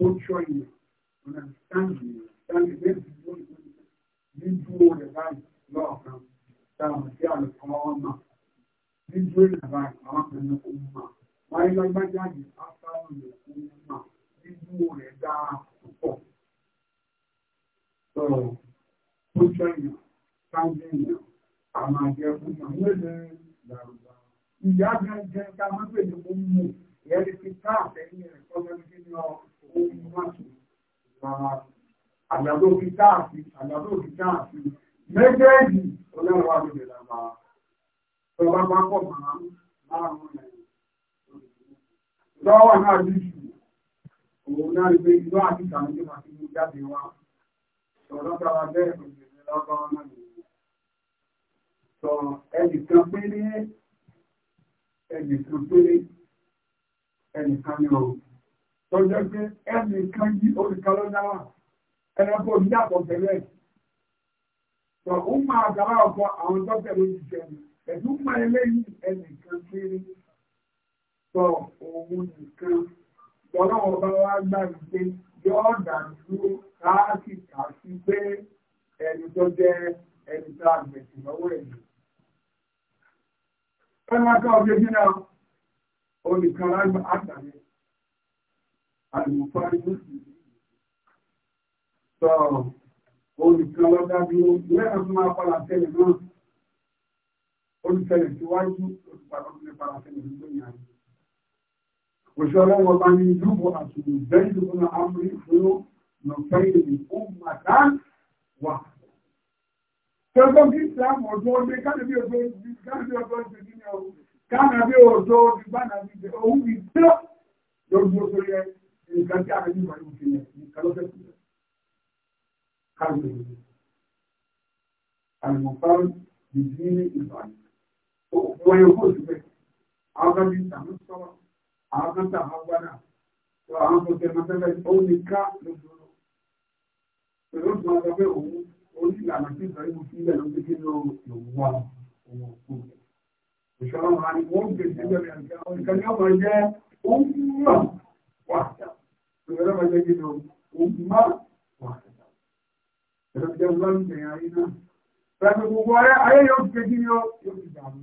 culture yẹn ọ̀nà sáǹdì yẹn sáǹdì bẹ́ẹ̀ bí wọ́n ti ní dúró rẹ̀ báyìí lọ́ọ̀kan táwọn sí àlùkò ọmọ ní dúró rẹ̀ báyìí àwọn kan ní kó mọ̀ wáyé lágbájáde áfáwọn rẹ̀ kó mọ̀ ní dúró rẹ̀ dáa púpọ̀. sọ culture yẹn sáǹdì yẹn àwọn àjẹkùn yẹn wọ́n lè dàrúgbà. ìyá gan-an jẹ́ ká má pè ní kó mú ìyẹn ti ká àtẹ̀yìn rẹ̀ kọ́ àgbàdo fi káàfi àgbàdo fi káàfi méjèèjì ọlọ́run wa lóde lábá ìjọba bá pọ̀ máa ń márùn-ún rẹ̀ lọ́wọ́ náà ní ìṣù òun náà ní pé ìlú àti ìtàlójú àti ìlú jáde wá sọ̀rọ̀ tara bẹ́ẹ̀ òṣèlú lọ́gbọ́n náà nìyí sọ ẹnìkan péré ẹnìkan tó jẹ́ pé ẹnì kan yí oríkan ló dáwà ẹranko yàtọ̀ tẹ̀lé tó ń máa dára ọkọ̀ àwọn tó tẹ̀lé ìṣẹ́ ẹ̀dùn máa eléyìí ẹnì kan kéré tó òun nìkan lọ́nà ọba wa gbà wípé yóò dàdúró káàkì kàṣí pé ẹni tó jẹ́ ẹni tó àgbẹ̀sì lọ́wọ́ ẹ̀ ẹnì kan ọ̀gbẹ́gbẹ́ náà olùkan lágbà àgbà yẹn àlùmọ̀fárí mùsùlùmí. Sọ olùkan lọ́dá dúró, lẹ́ẹ̀kan tó máa padà tẹ̀lé náà, olùtẹ̀lẹ̀ síwájú olùpàdé ọdún padà tẹ̀lé nígbó ní ayé. Òṣìṣẹ́ ọlọ́wọ́ bá ní lúbọ̀ àtùlù bẹ́ẹ̀ ló ń amúrí fún lọ́fẹ́ ìlú fún màtá wà. Tẹ́gbọ́n kí Ìsìlámù ọdún ọdún kánàbí ọdún ọdún kánàbí ọdún ọdún kánàbí ọdún ọdún kánàbí ọdún ọdún kánàbí ọdún ọdún kánàbí ọdún ọdún kánàbí ọdún ọdún kánàbí ọdún ọdún kánàbí nǹkan tí àwọn ènìyàn ń fi nǹkan lọ́fẹ́ kù lẹ̀. káàmì àlùmọ̀fáà bìbí ní ìbàdàn wọ́n yóò kó síbẹ̀ àwọn kan bí tàbí sọ́wọ́ àwọn kan tà àwọn gbádà tó àwọn kan tẹ̀ mọ́tẹ́lẹ̀ ó ní ká lóṣooṣù pẹ̀lú ìgbà wọn pé òun orí ìlànà tí ìgbà yóò fi ilẹ̀ ló ti kíni òun wà òun òkú ìṣọ́nà wọn ni wọ́n gbèsè lórí àgbà òun kan yóò máa jẹ́ òun wà wà Pero vaya uh, que no, un más, Pero ya hablando de ahí, ¿no? Pero como ahí que yo, yo que llamo.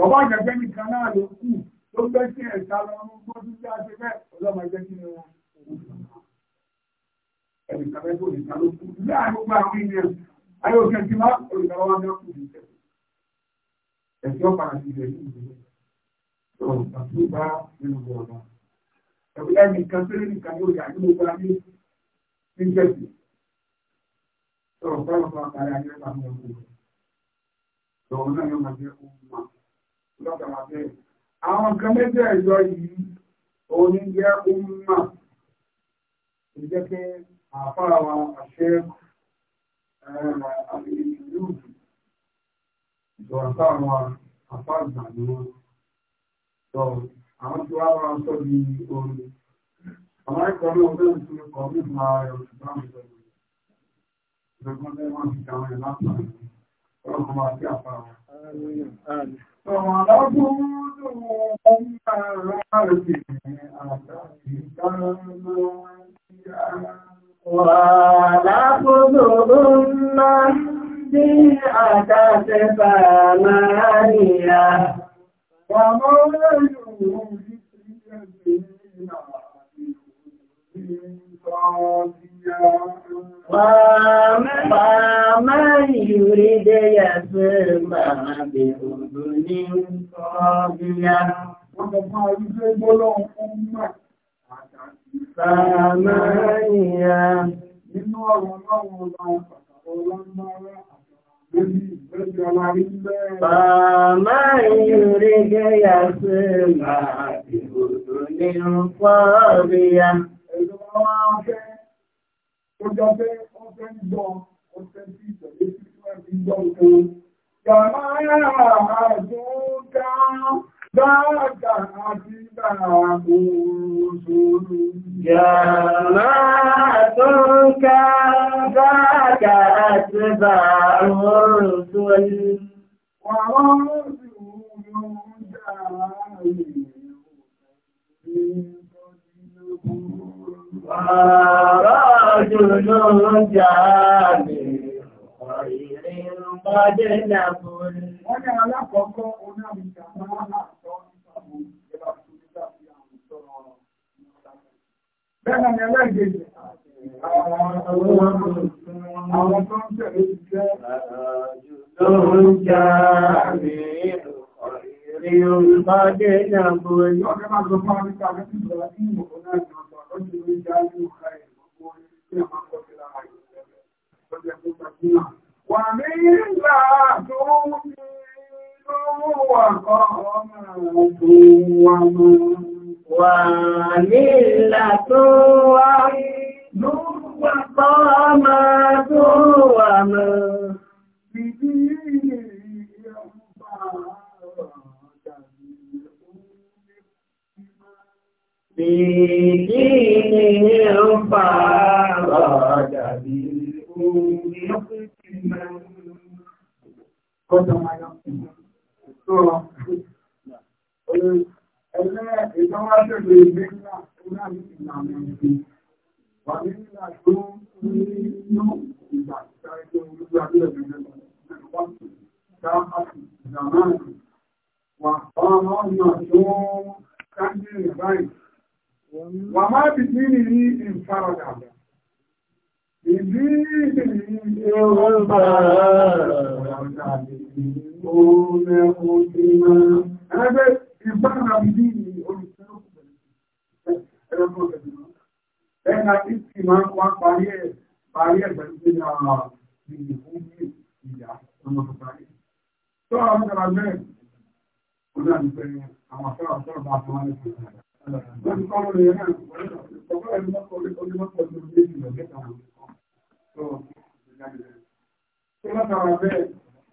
Bàbá àjẹ́gbẹ́ nìkan náà ló kù tó gbé sí ẹ̀ta lọ ọmọ ọgbọ́n tó jẹ́ àṣẹ bẹ́ẹ̀ ọlọ́mọ ẹgbẹ́ kí ni wọn ẹnìkan mẹ́tò nìkan ló kù láàrin gbogbo àwọn ènìyàn ayé òkè tí wá olùdarí wa tàbí ẹnìkan tó lẹ́nu kan yóò yà ní gbogbo ayé ní jẹ́sì sọ̀rọ̀ fọlọ́ fún akàrẹ ayé ẹ̀ka ní ọkọ̀ rẹ̀ lọ́wọ́ náà yóò máa jẹ́ ohun mà lọ́kà máa bẹ́ẹ̀. àwọn nǹkan méjì ẹ̀yọ yìí òní jẹ́ ohun mà ìjẹ́ pé àfáà wa àṣẹ eh, àti ìlú ìjọba táwọn àfáà gbà ni wọ́n sọ̀rọ̀ àwọn tí wọ́n máa sọ bí orin àwọn ẹ̀kọ́ ní ọjọ́ ìsinmi kan ní ìfún rẹ̀ oṣù sí àpá wọn. Sọ̀rọ̀ aláwọ̀ tó wọ́n ń Màmá ìrí dẹ́yà sí màmá bí òdò ní ọ̀bíyá. Wọ́n tọ́ fún àrífẹ́ gbọ́lọ́ fún mọ̀. Màmá ìyá. Nínú ọ̀rọ̀ ọlọ́run ọlọ́run pàtàkì ọlọ́run náà فمن يريد يسمع بأذن فاضية Yàrá àjò dáa. aataụduru d na atorụkega ka ateba aụụtole aụụdụụụdaa ụeụbụaaadedụdịaade eadịnale Bẹ́ẹ̀nà ni ẹlẹ́gbẹ̀ẹ́ àwọn tó ń tẹ̀lé ti jẹ́ lóòrùn já rí rí olùbádé ní àgbò ẹ̀yọ́. Ọjọ́ máa gbọ́ fún àríkà lẹ́sìn ìgbẹ̀rẹ̀ sí ìmọ̀ náà ìrọ̀tọ̀ lọ́jọ́ ló já rí ọ̀ká ìgbogbo orí sí àmọ́ kọjọ́ lára ìgbẹ̀rẹ̀. Ọjọ́ ẹ̀kọ́ وملة وقامة ومن بدينه انفرد بالأم اختما So, ẹgbẹ́ ìtọ́wáṣẹ́gbẹ̀ ìgbẹ́ náà, ó náà ní ìlànà ìgbẹ́. Wà ní ìlànà tó ń ní ìgbà ìtàrí tó ń gbogbo àbílẹ̀ ìgbẹ́ náà, dáhàtì, ìdàmáàtì, wà ọmọ ọmọ tó ń kájú ìbáyìí. Wà máa bì sí ní ìfaradà. Ìdí ìdí ìdí ìdí يحبون قدما هذا يبقى بديني Ẹgbẹ́ àti ti máa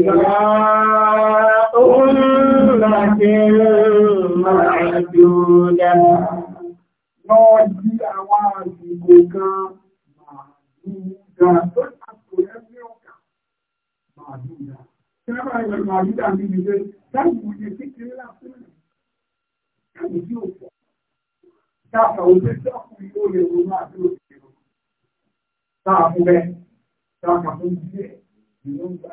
أمة معدودة Lọ́ọ̀dí àwọn àsìkò kan màdúdà tó tàbí ẹgbẹ́ ọ̀kà màdúdà. Tí wọ́n bá yẹ màdúdà ní ilé, láti mú ní kékeré láfún ẹ̀. Káàkiri tí ó pọ̀. Káàkiri ó pé tí ọkùnrin ó lè ronú àti òṣèlú. Táà fún bẹ́ẹ̀, táà kà fún díẹ̀, ìlú ń gbà.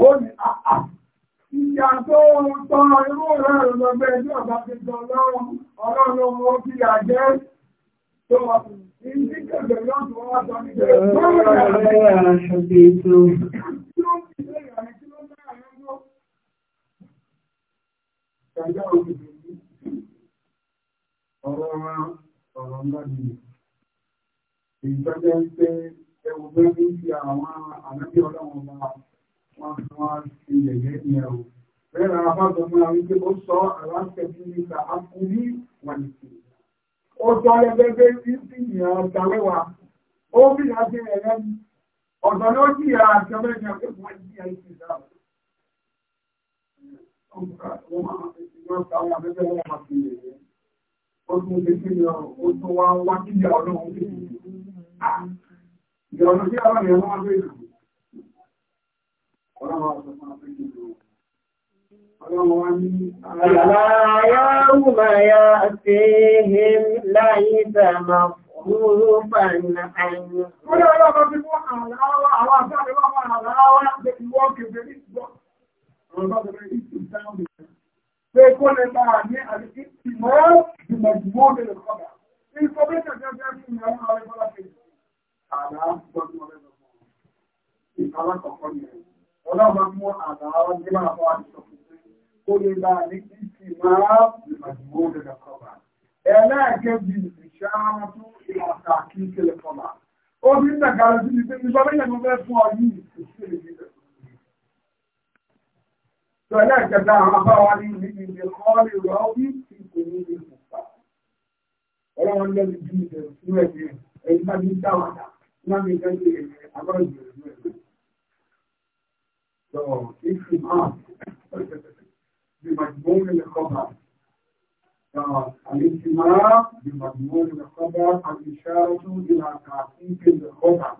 wọ́n ni àà ìyà tó ń tọ́ irú rẹ̀ ní ọ̀bá ti jọ ọlọ́run mọ́ kí tó wà ní kẹ̀kẹ̀ lọ́tún wọ́n sọ ní kẹ̀kẹ̀ Ọ̀rọ̀ ọ̀rọ̀ ńlá ni ìjọjẹ́ ń pé ẹwùgbẹ́ ní àwọn àmẹ́bí ọlọ́run máa wọ́n fi wọ́n fi yẹ̀yẹ́ yẹn o. bẹ́ẹ̀ lára bá sọ fún wa wípé ó sọ aláṣẹ́bí níta akúrí wà ní kí. ó sọ ẹgbẹ́gbẹ́ tí sì yàn ọ̀tà wẹ́wà ó fi yà sí ẹ̀rẹ́ mi. ọ̀tọ̀ ló jì yà àti ọmọ ẹ̀yà pé wọ́n jì yà ìsìn dà. wọ́n máa ń fi yàn ọ̀tà wẹ́wà bẹ́ẹ̀ wọ́n máa fi yẹ̀yẹ́. ó tún ṣe kí ni ó tún wá wá kí يوم يأتيهم ليس مصروفا عنه فيكون المعنى الاهتمام بمجموع الخبر. Information that you have to know how to do it. Àlá gbọ́dọ̀ rẹ̀ lọ́wọ́. Ìkàlá kọ̀ọ̀kan yẹn ọlọ́run mú àbáwọ́ ní máa fọ́ àtìsọ̀kùn kó lè bá ní kí sì máa ìmọ̀dìmọ́ òdòdó kọba. ẹlẹ́ẹ̀kejì ìṣáájú ìwọ̀ta kí n kele kọba. ó ní nàgà lójú ní pé ìṣọ́ méjì ló fẹ́ fún ọ yìí ìṣèlè yìí rẹ̀. sọ ẹlẹ́ẹ̀kẹta àwọn afáwa ní ìdíje kọ́ọ̀lì rọ́ọ̀bì tí kò ní ilé ìfòfà. ọlọ́run lẹ́nu bí ìdẹ̀rù sílẹ̀ ní ẹ̀yìn bá mi dáwàdà ní فإجماع بمضمون الخبر الاجتماع بمضمون الخبر الإشارة إلى تعقيق الخبر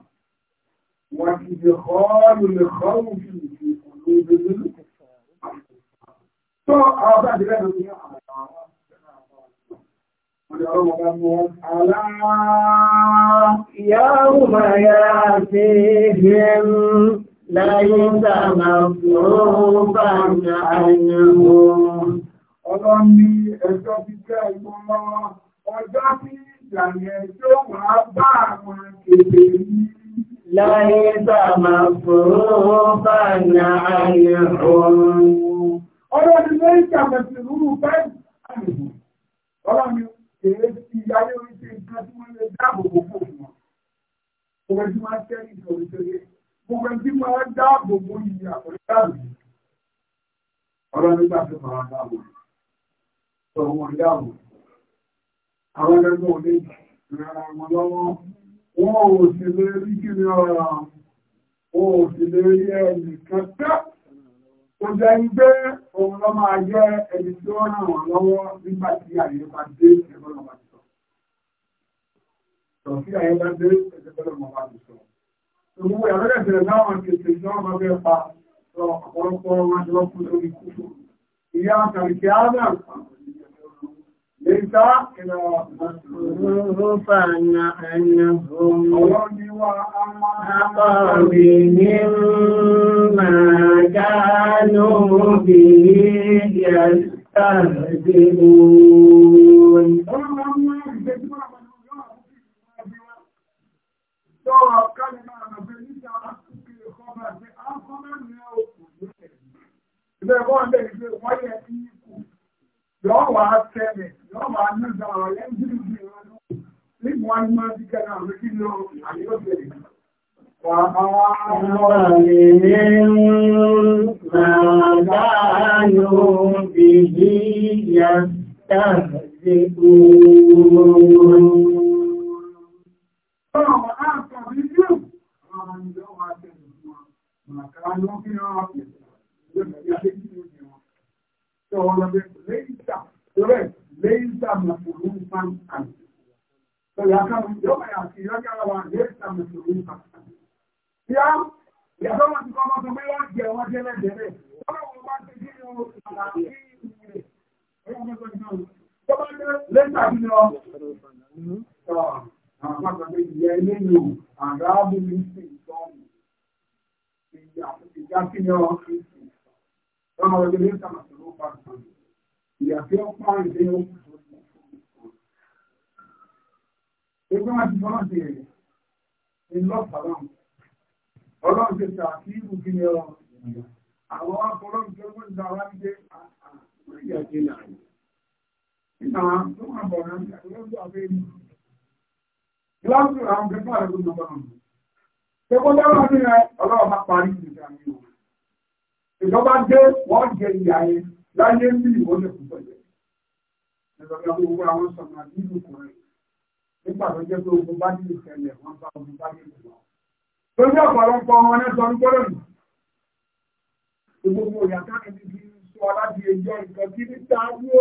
وإدخال الخوف في قلوب الكفار tó àwọn àti lẹ́nu ní àwọn àwọn àwọn láyéta màfúrúfà ní àyẹ̀wò. Ọlọ́ ní ẹjọ́ ti jẹ́ ìgbọ́nmọ́ ọjọ́ tí ìjàyẹ̀ tó wà bá àwọn kèfè ní. Láyéta màfúrúfà ní àyẹ̀wò. Ọlọ́ ní lẹ́yìnká mẹ̀sì rúrù bẹ́ẹ̀ Ọlọ́ ní kèé ti ayé orí ṣe nǹkan tí wọ́n lè dáàbò bò fún wọn. Òwe tí wọ́n á tẹ́lẹ̀ ìjọba ìjọba gbogbo ẹni tí máa dáàbò bó yìí àpòlítàbí ọ̀rọ̀ nígbà tó máa dáàbò tó wọn dáàbò àwọn ẹgbẹ́ òní ìrìnà wọn lọ́wọ́ wọn ò sì lè rí kí ni ọ̀rọ̀ wọn ò sì lè rí ẹni kankan tó jẹ́ ń gbé òun lọ máa jẹ́ ẹni tí ó ràn wọ́n lọ́wọ́ nígbà tí àyè bá dé ẹgbẹ́ lọ́wọ́ bá ti sọ. Gbogbo ìyàwó ẹ̀sẹ̀ láwọn kèfè tí wọ́n máa fẹ́ pa ọ̀pọ̀lọpọ̀ wọn jọ kú lórí kúkú. Ìyá àtàríkì Adam Lẹ́ta ìlà ọ̀rọ̀fà na ẹ̀yà ọ̀rọ̀ àwọn ẹ̀yẹ́ ń dúró bí wọn lọ. Nígbà wọn máa ń dìgbà náà lókè lọ àyíkọ́ bẹ̀rẹ̀. Wàhálà ni mí ń máa bá a yóò. ọ̀pọ̀lọpọ̀ wọn náà sọ ń gbọ́dọ̀ nù. ni ti fi sọ láti ẹjọ́ nǹkan kí ní dáàbò.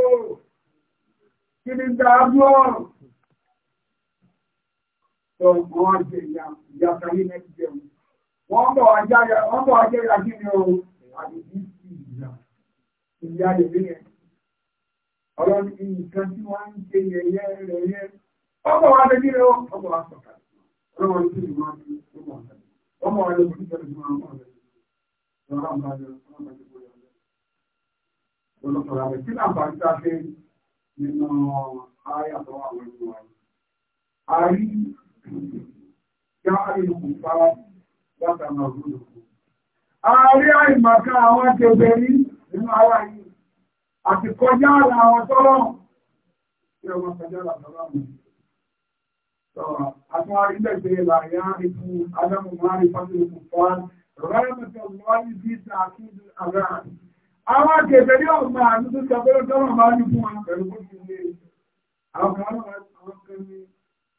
Kí ní dáàbò. Sọ wọn jẹ ìyàtọ̀ yìí náà ti Wọ́n bọ̀ kí ni o? Àdìsí ti ìyá. yẹn. ní nǹkan tí wọ́n ń ṣe yẹyẹ rẹ̀ wa kí ni o? wa Ọlọ́run ti ọmọ rẹ̀ ló fi tẹ̀lé ìgbìmọ̀ ọmọ rẹ̀ lọ́rọ̀ ọmọ rẹ̀ lọ́rọ̀ ọmọ rẹ̀ lọ́rọ̀ olùsọ̀rọ̀ rẹ̀ kí náà bá ń dáṣe nínú ayàtọ̀ àwọn ìlú wa a rí yá ìlúkù fara látàmà òfurufú a rí àìmọ̀ká àwọn kèbèrí nínú ara yìí àti kọjá àwọn tọ́lọ́ tí ọmọ kọjá àwọn tọ́lọ́ أتعرف إلى لا يعرف عدم معرفة الكفار رغبة الله في تعقيد الأذان àwọn akẹ̀ẹ̀fẹ̀dẹ́ ọ̀gbà àdúgbò sọpẹ́rẹ́ tọ́rọ̀ bá ní fún wọn pẹ̀lú bó ti lè àwọn kan àwọn kan ní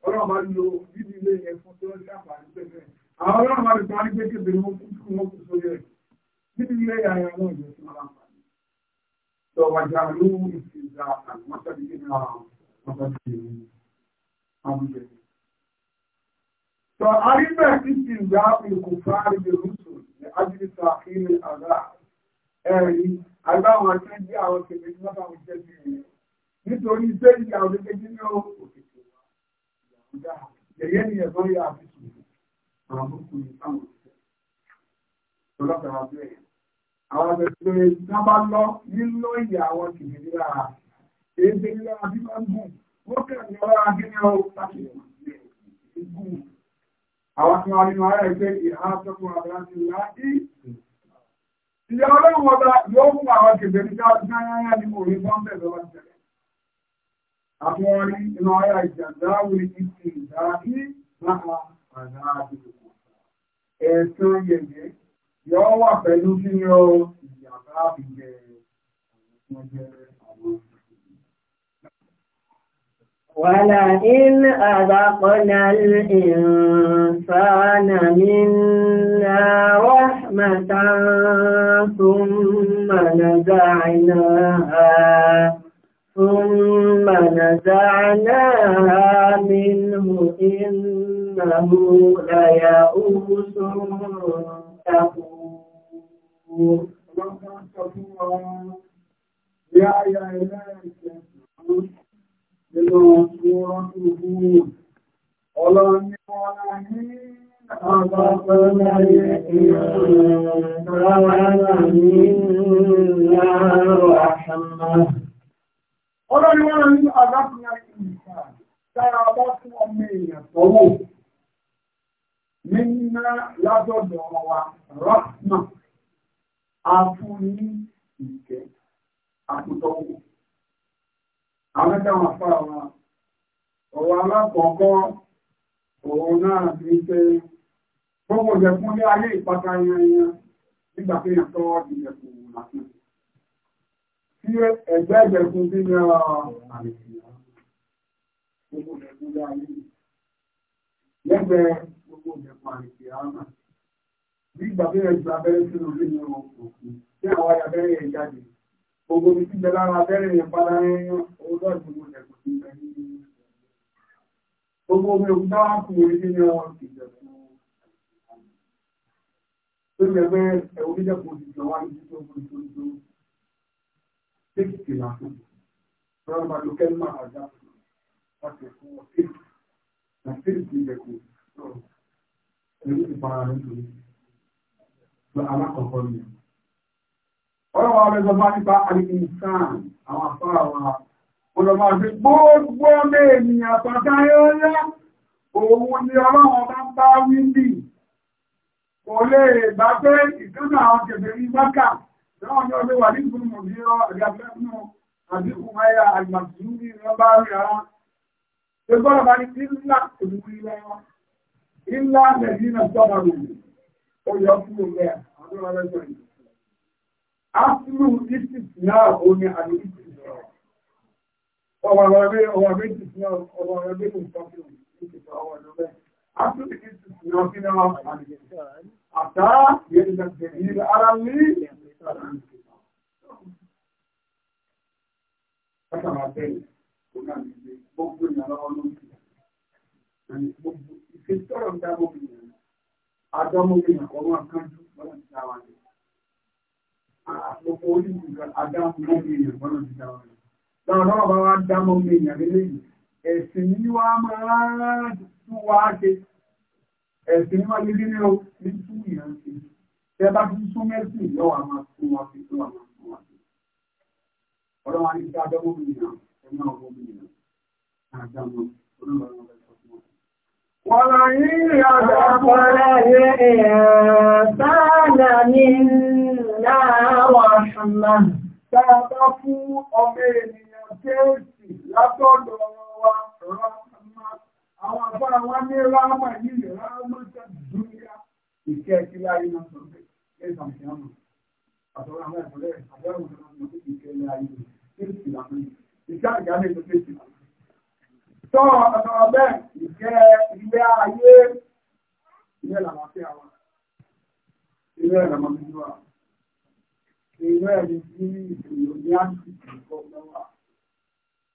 ọlọ́run bá lo bíbí ilé ẹ̀fọn tó ń ṣàǹfààní pẹ̀lẹ́ àwọn ọlọ́run bá lè parí pé kébé wọn kú fún wọn kú sórí ẹ̀ bíbí ilé ayé àwọn ìjọ sí wọn láǹfààní. sọ wàjà ló ń fi ìgbà àti mọ́tàdínlẹ́gbẹ̀rún àwọn ọ̀sán ti lè mú àwọn ìjọ فعلم في استهزاء الكفار بالرسل لأجل تعقيم الأذى ẹ̀rí agbáwọn akẹ́jẹ́ àwọn kèfè tí wọ́n báwọn jẹ́ sí rẹ̀ nítorí iṣẹ́ ìyá àwọn kékeré ní òkèkè wa ìyàwó yẹ̀yẹ́ ni ẹ̀gbọ́n yà àti sùúrù àwọn búkú ní sáwọn òṣìṣẹ́ lọ́lọ́pàá bẹ́ẹ̀ àwọn akẹ́kẹ́ tí wọ́n bá lọ nílò ìyá àwọn kèfè ní lára èébé gùn wọ́n kẹ́ ní ọlọ́ra kí ni ó àwọn tí wọ́n nínú ara ìgbé ìhásọ́kùn àbúrántí láti ìyá ọlọ́run ọba yóò mú àwọn kèbè ní káàkiri ní orí bọ́m̀bẹ̀ lọ́wọ́ ìṣẹ̀lẹ̀ àtúwọ́rí inú ara ìjàndáwò ìsìn ìdájí máa àdáàbì ẹ̀sán yẹ̀yẹ́ yọ́ wà pẹ̀lú kí ni ó ìyàbá àbìyẹ àwọn ọmọ jẹ́ àwọn ولئن أذقنا الإنسان منا رحمة ثم نزعناها ثم نزعناها منه إنه ليئوس كفور يا يا إلهي nínú ìrántí ìlú ọlọ́run ní wọ́n ní Ọlọ́run wọ́n ní àdápìnà ìgbà dára bá fún ọmọ èèyàn tọ́wọ́. Nínú wa, Rọ́pnà, a fún ní ìkẹ́, àkútọ́wọ́ àwọn táwọn afá wọn ọ̀rọ̀ alákọ̀ọ́kọ́ òun náà ti pé gbogbo ìjẹ̀kún ní ayé ìpátá yanyan nígbà tí èèyàn tọ́wọ́ ti jẹ̀kún láti tí ẹgbẹ́ ìjẹ̀kún sí ní ah, àlèkìyà gbogbo ìjẹ̀kún ní ayé lẹ́gbẹ̀ẹ́ gbogbo ìjẹ̀kún àlèkìyà náà nígbà tí èèyàn ju abẹ́rẹ́ sínú Ogo ti ti bẹ̀rẹ̀ ara abẹ́rẹ́ yẹn padà yẹn ọjọ́ ìgbìmọ̀ ẹ̀kọ́ ti bẹ̀rẹ̀ yẹn. Gbogbo omi òkú táwọn akùnrin orí ní ọ ìjẹ̀kú. Tó yẹ pé ẹ̀wọ̀n ìjẹ̀kú ti jọ wá ní títí ogun tó ń tó. Téèkìtì làkùn. Rọ́nà bá lókẹ́ ní màá dá. Wọ́n ti fún ọ téèkì. Nà téèkì ìjẹ̀kú. Ẹ̀rú ti para rẹ̀ lórí. Lọ alákọ̀ọ́kọ́ nìyẹn ọlọ́wọ́ abẹ́sọ̀bá nípa alìkìnsán àwọn afárá wa ọlọ́wọ́ àti gbogbo ọmọ ènìyàn pàtà yọ́yá òun ni ọlọ́wọ́ bá ń bá wíńdì kò lè bá pé ìkánná àwọn kẹfẹ́ ní bákà náà ni ọdún wà ní ìgbìmọ̀ mọ̀bíọ́ àgbàfẹ́nu àti kùmáyà àgbàfẹ́nu ní ọba rí ara gbogbo ọba ní ìlà òdùkú ilẹ̀ wọn ìlà nàìjíríà sọ́ọ̀rọ̀ òyọ́ fún òun bẹ́ẹ̀ áfúrú district náà ó ní àmì district náà ọwọ́ ọ̀rẹ́ ọwọ́ ọ̀rẹ́ district náà ọwọ́ ọ̀rẹ́ mú sọ́kì nípa ọwọ́ ọ̀rẹ́ áfúrú district náà kí náà àmì àtà yẹn ní ìgbẹ̀rẹ̀ ara ní Gbogbo ìyàlọ́wọ́ ló ń fi. Ìfẹ́ tọ́rọ̀ ń dá gbogbo ìyàlọ́. Adọ́mọ́ ìyàkọ́ wọn kan jù lọ́nà ìdáwà ní gbogbo orí nǹkan adáhùn mọ́mí èèyàn bọ́nà ti dá wọn. Láwọn náà bá wá dá mọ́mí èèyàn lélẹ́yìn. Ẹ̀sìn ní wá máa tún wá ṣe. Ẹ̀sìn ní wá ní lílé o ní tún ìyàn ṣe. Ṣé bá tún sún mẹ́sìn lọ́wọ́ àmà tún wá sí tó àmà tún wá sí. Ọlọ́run á ní kí adámọ́mí èèyàn ẹ̀ máa wọ́n mi èèyàn. Àdámọ́ Tàbá fún ọmọ ènìyàn kéèkì látọ̀dọ̀ wa rámà. Àwọn àpá wọn ní rámà yìí rámà tàbíyà ìkẹ́ẹ̀kì láyé náà sọ́fẹ́. Ẹ̀sàmì àmà. Àtọ́rọ àwọn ẹ̀fọ́lẹ́ àbẹ́rùn-ún tó ọ̀nà ọbẹ̀ ìjẹ́ ilé ayé ilé làmàfíà wa ilé làmàfíà wa ilé ẹni tí ìṣòro ní àṣìṣe ìfọ̀kànlá wa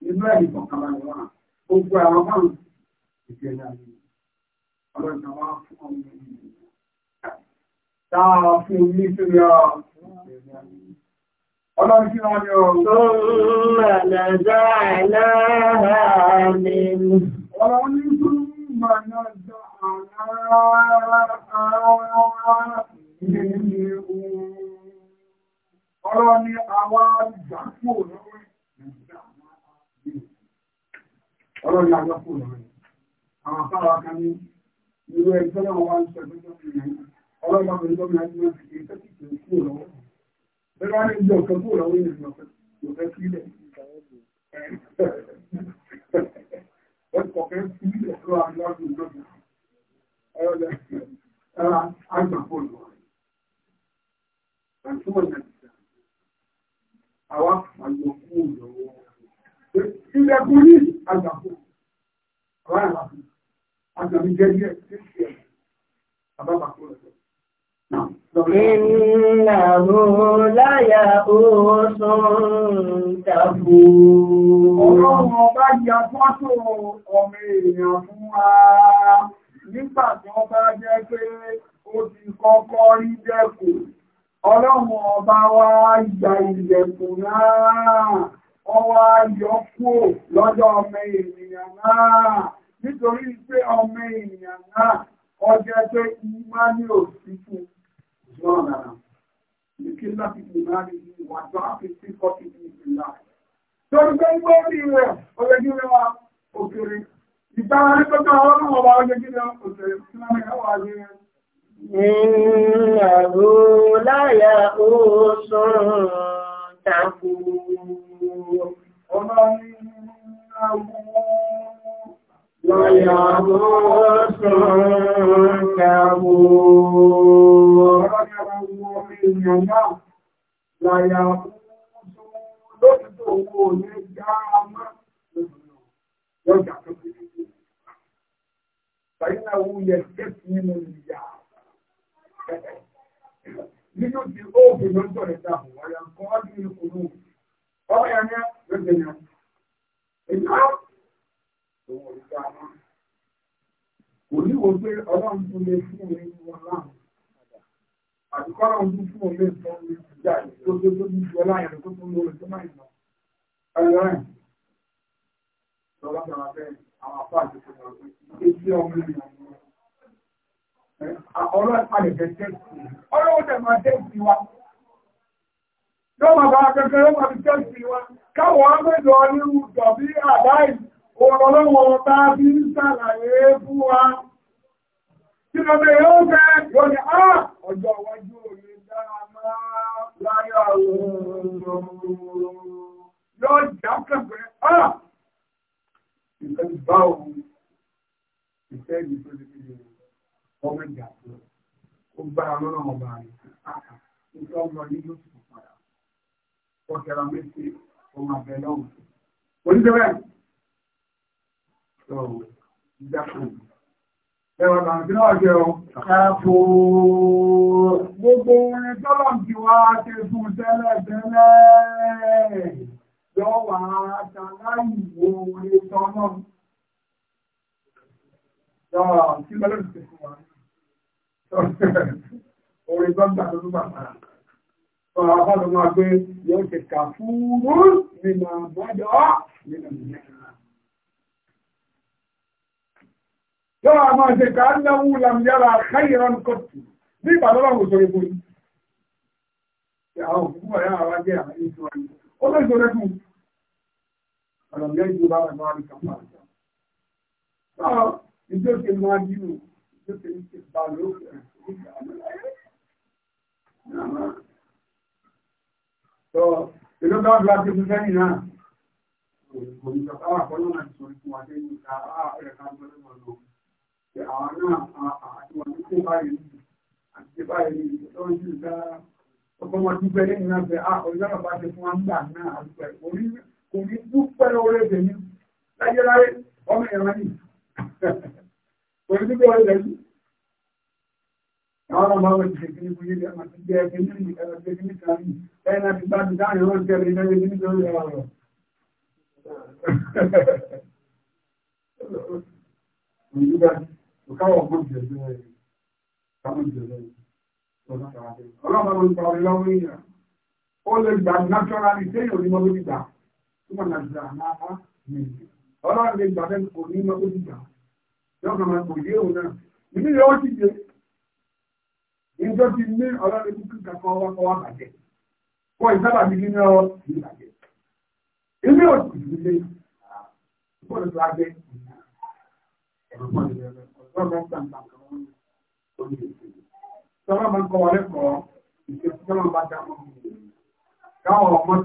ilé ẹni ìfọ̀kànlá wa gbogbo àwọn máa ń ìjẹ́lẹ̀ ayé ọlọ́jà wa fún ọmọ ìlú tá a fún ní sílẹ̀ ìjẹ́lẹ̀ ayé. Ọlọ́run kí wọ́n ni ọ̀rọ̀. Ọlọ́run ní túnmà náà dá àwọn Ọlọ́run ni àwọn àjàkú lọ́wọ́ Ọlọ́run ni àjàkú lọ́wọ́ Àwọn afárá kan ní irú ẹgbẹ́ náà wá ń sọ ẹgbẹ́ tó fi rẹ̀. Ọlọ́run ni àjàkú lọ́wọ́ bẹ́ẹ̀ bá ní ìjọ kan kúrò lọ́wọ́ ènìyàn lọ́fẹ́ lọ́fẹ́ sílẹ̀ ọkọ̀kẹ́ sílẹ̀ ló wà lọ́dún lọ́dún ẹ̀rọ ẹ̀rọ àgbàpọ̀ lọ́wọ́ àtúwọ̀n náà àwa àgbọ̀ kúrò lọ́wọ́ ilẹ̀kùn ní àgbàpọ̀ àwa àgbàpọ̀ àgbàmì jẹ́ díẹ̀ sí ẹ̀ àbábàpọ̀ lọ́wọ́. إنه ليئوس كفور Ọlọ́run ọba ya fọ́tò ọmọ èèyàn fún wa nígbà tí wọ́n bá jẹ́ pé ó ti kọ́kọ́ rí dẹ́kù. Ọlọ́run ọba wá ya ilẹ̀kùn náà, wọ́n wá yọ kúrò lọ́dọ̀ ọmọ ènìyàn náà nítorí pé ọmọ ènìyàn náà ọjọ́ pé ìmá ní òsìkú. ضررنا لقلة إيمانه وضعف ثقته بالله tọ́lùkọ́ ń ọlọ́run ọba ọjọ́jú rẹ̀ ويضرك بورك الله لا يقوم لبته نجامة يرجع فإنه يستسلم النجامة nínú ti óòfù ló ń sọ̀rọ̀ ìta àwọn ọ̀yà kan wá sí ìkùnú ọ̀yà ní ẹgbẹ̀rún ìgbà òun ò gbà wọn. Kò ní wo pé ọlọ́run tún lè fún mi wọn láàmú. Àdúgbò ọlọ́run tún fún omi ìtàn mi ìjà tó tó tó ní ìjọ láyé tó tún lórí tó máa ń lọ. Ẹlẹ́rìn. Lọ́lá tàbí abẹ́ àwọn apá àti ìṣẹ̀lẹ̀ ọ̀gbìn. Ìgbésí ọmọ ènìyàn ni wọ́n. Ọlọ́run àlẹ̀fẹ́ tẹ́sì. Ọlọ́run tẹ̀ máa tẹ́sì wa yóò máa bá akẹ́kẹ́ yóò máa fi tẹ́sì wa káwọn á mẹ́jọ Ọlọ́wọ́ bá bí ń sàlàyé fún wa. Tí lọ bẹ̀ yóò fẹ́ yóò ní á ọjọ́ iwájú òye dára máa láyà Yóò já kẹfẹ́ á. Ìfẹ́ bá òun. Ìfẹ́ ìfẹ́ ìfẹ́ ọmọ ìjà tó. Ó gbára lọ́nà ọba rẹ̀. Ìfẹ́ ọmọ yìí ló sì padà. Ọ̀kẹ́ra méjì ọmọ àbẹ̀ náà. Oníṣẹ́ bẹ́ẹ̀. Gbogbo orin tọ́lọ̀ ti wá ṣe fún tẹ́lẹ̀ tẹ́lẹ̀ yọ́wà àtàláìwò orin tọ́lọ̀. Yọ́wà kí lọ́lọ́ ti fún wa. Orin tọ́lọ̀ tó bá máa. Fọ́nà àbádọ́ máa gbé yóò ṣe kà fún mú nínú àbádọ́ nínú ìyẹn. yọ́wọ́ àmọ́ ṣe ká náwó làmìyára káyìrán kọ́tù ní ìbàdọ́lọ́ kò sọ̀rọ̀ ìbò yìí. àwọn òkú wà yára wá jẹ́ àwọn ètò ayé ó lè sọ̀rọ̀ fún un. ọ̀nà mi yẹn ju bá wà náà nìkan fún ti máa bí o ti ń ti bá lóòkè sọ èló ti fún sẹ́yìn náà. Òyìnbó ìjọba ti sọ̀rọ̀ fún wa ah, pé àwọn náà àtiwọn tó kó báyìí àti báyìí tó ń ṣe dá ọgbọ́n wọn dúpẹ́ lẹ́yìn náà bẹ́ẹ̀ á ọjọ́ náà bá ṣe fún wa ń gbà náà àdúpẹ́ kò ní dúpẹ́ lọ́wọ́ rẹ̀ tèmi láyé láyé ọmọ ìran ni kò ní dúpẹ́ lọ́wọ́ rẹ̀ àwọn ọmọ ọmọ ìṣẹ̀lẹ̀ kìíní fún yíyá àti jẹ́ ẹgbẹ́ ní ẹgbẹ́ ní kan ní ẹ̀yìn láti bá ti dáhùn ìwọ̀n jẹ́ ẹgbẹ́ ní ẹgbẹ́ ní lórí ọ̀rọ̀. Òyìnbá káwọn gbòjì ẹ̀sẹ̀ rẹ̀ káwọn jẹ̀ rẹ̀ ọlọ́pàá ló ń pa ọ̀rẹ́ lọ́wọ́ èèyàn ó lè gbà naturally téèyàn ní mọ́ lórí gbà tó mọ̀ nàìjíríà máa bá nìyí ọlọ́run lè gbà bẹ́ẹ̀ kò ní mọ́ lórí gbà yóò kàn máa kò yé ti ní ọlọ́run kúkú kankan ọwọ́ bàjẹ́ kó ìsábà ní bàjẹ́ lọ́nà ọlọ́run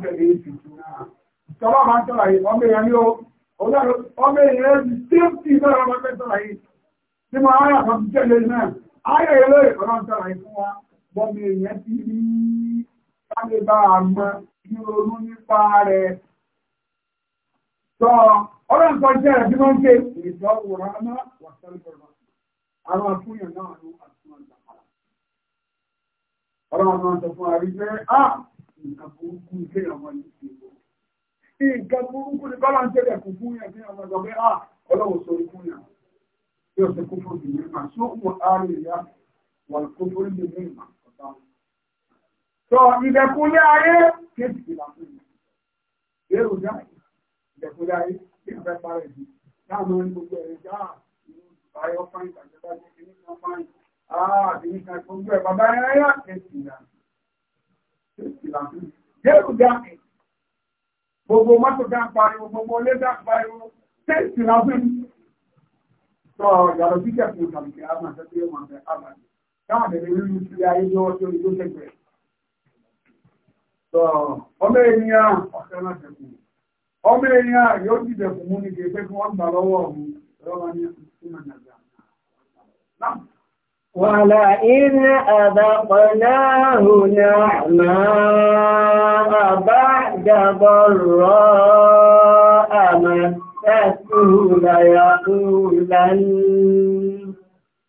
kan jẹ́ ẹ̀dínwó ń ké ìjọ wòrán wà sẹ́lẹ̀ àwọn afúnyàn náà ló àtúnwọ̀n ìgbàkàrà ọlọ́run máa sọ fún àrí pé á nǹkan burúkú kí ọmọ yìí ti bọ̀ nǹkan burúkú ni bọ́lá ń tẹ́lẹ̀ kù fún yàn kí ọmọ sọ pé á ọlọ́run sọ ikú yàn kí ọ̀sẹ̀ kó fún ìdílé mà sún mọ́ àárín ìyá wà kó fún ìdílé mà ọ̀tá sọ ìdẹ̀kùnlé ayé kéèkì ìlà fún mi èrò dá ìdẹ̀kùnlé ayé kí n fẹ́ parẹ́ ìdí láàrin gbogbo ẹ̀rẹ́ dáa báyọ̀ fáìn tàbí bá jẹ́ kìíní kan fáìn áà ah, kìíní kan tó ń gbé bàbá ẹ̀ ráyà kẹsì ìlànà kẹsì ìlànà jẹ́rù dáàmì gbogbo mọ́tò dá pariwo gbogbo olé dá pariwo kẹsì ìlànà sọ ìyàrá bí kẹsì ìlànà kí á máa tẹ́tí ọmọ àbẹ̀ àbàdì káwọn ẹ̀rẹ́ rírú sí ayé ní ọjọ́ ìlú tẹ́gbẹ̀ẹ́ sọ ọmọ ènìyàn ọ̀sẹ̀ náà tẹ̀kùn ọmọ ènìyàn yóò dìde fún mú ní kéèké fún wọn gbà lọ́wọ́ ọ̀hún ọlọ́wọ́ ní ìmọ̀ náà ولئن أذقناه نعماء بعد ضراء مسته ليقولن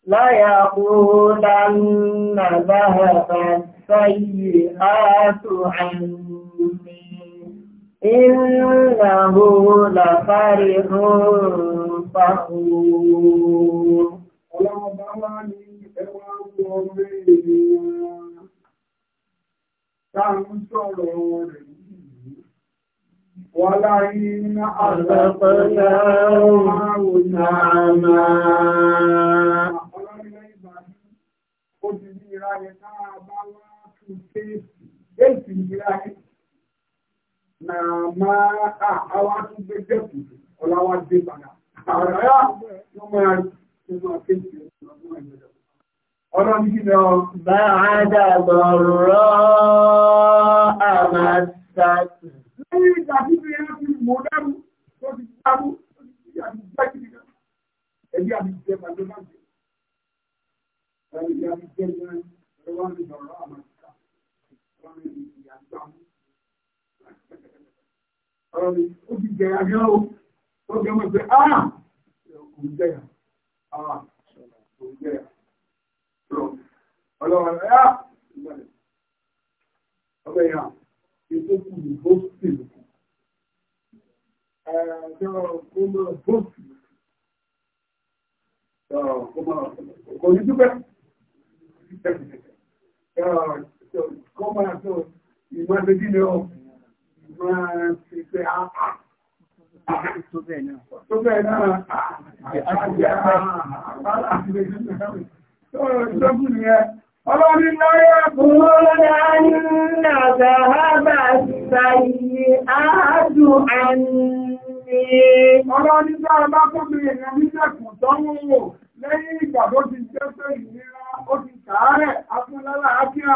ليقولن ذهب السيئات عني إنه لفرح فخور ọlọ́run bá wá ní ẹwà ọmọ ènìyàn táàrùn sọ̀rọ̀ rẹ̀ wà láàrin àtàkọ́lá ọmọrùn àmà ọlọ́rin ìgbà ó ti ní ìráyẹ táà bá wá tún kéèsì kéèsì ìráyẹ náà máa àwọn tún gbé jẹ́ ọlọ́wà dé padà àwọn ọmọ Ọlọ́run kí lọ bá àádàgbọ̀ ọ̀rọ̀ àmàtàkì. ó ti jẹ́ àjọ́ ó. jẹ́ mọ̀ pé, ah! Ó Ọlọ́run ẹ̀yà ọmọ ẹ̀yà ètò kù ní bóṣì lùkù. Ẹ̀ẹ́dọ́ ọmọ bóṣì lùkù. Kò ní dúpẹ́. Kọ́ máa tó ìmọ̀ ẹgbẹ́ gílẹ̀ ọ̀ máa ti pẹ́ àpá. tó bẹ́ẹ̀ náà. Tó bẹ́ẹ̀ náà, àti Ọlọ́rin lọ́yẹ́ kúrò ní àzàhábà sàyí àádù àní. Ọlọ́rin bá bá kóbìnrin ẹ̀rọ nílẹ̀kùn tọ́wọ́ wò lẹ́yìn ìgbà tó ti jẹ́ pé ìnira ó ti tààrẹ̀ afúnlọ́lá ápíà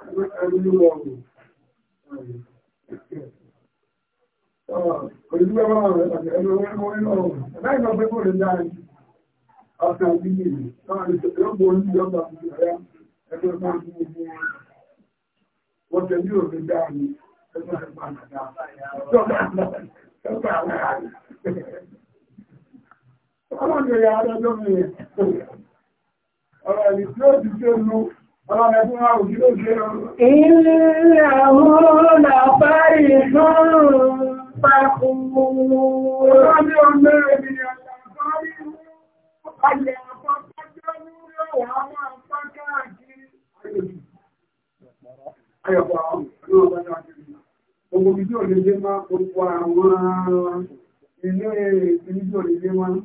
Pẹ̀lú ẹwà rẹ̀ àti ẹlú ẹwà inú Ìlàmú làbárí fún pàkú. Ọlọ́dí ọmọ ènìyàn làbárí fún ọjọ́ àpapọ̀jọ́ lórí ọwọ́ àwọn àpáká àkiri. Ayọ̀pọ̀ àwọn ọmọdé àkiri. Ogun bí tí ò lè lé máa gbogbo àwọn ilé ìpínlẹ̀ ò lè lé máa.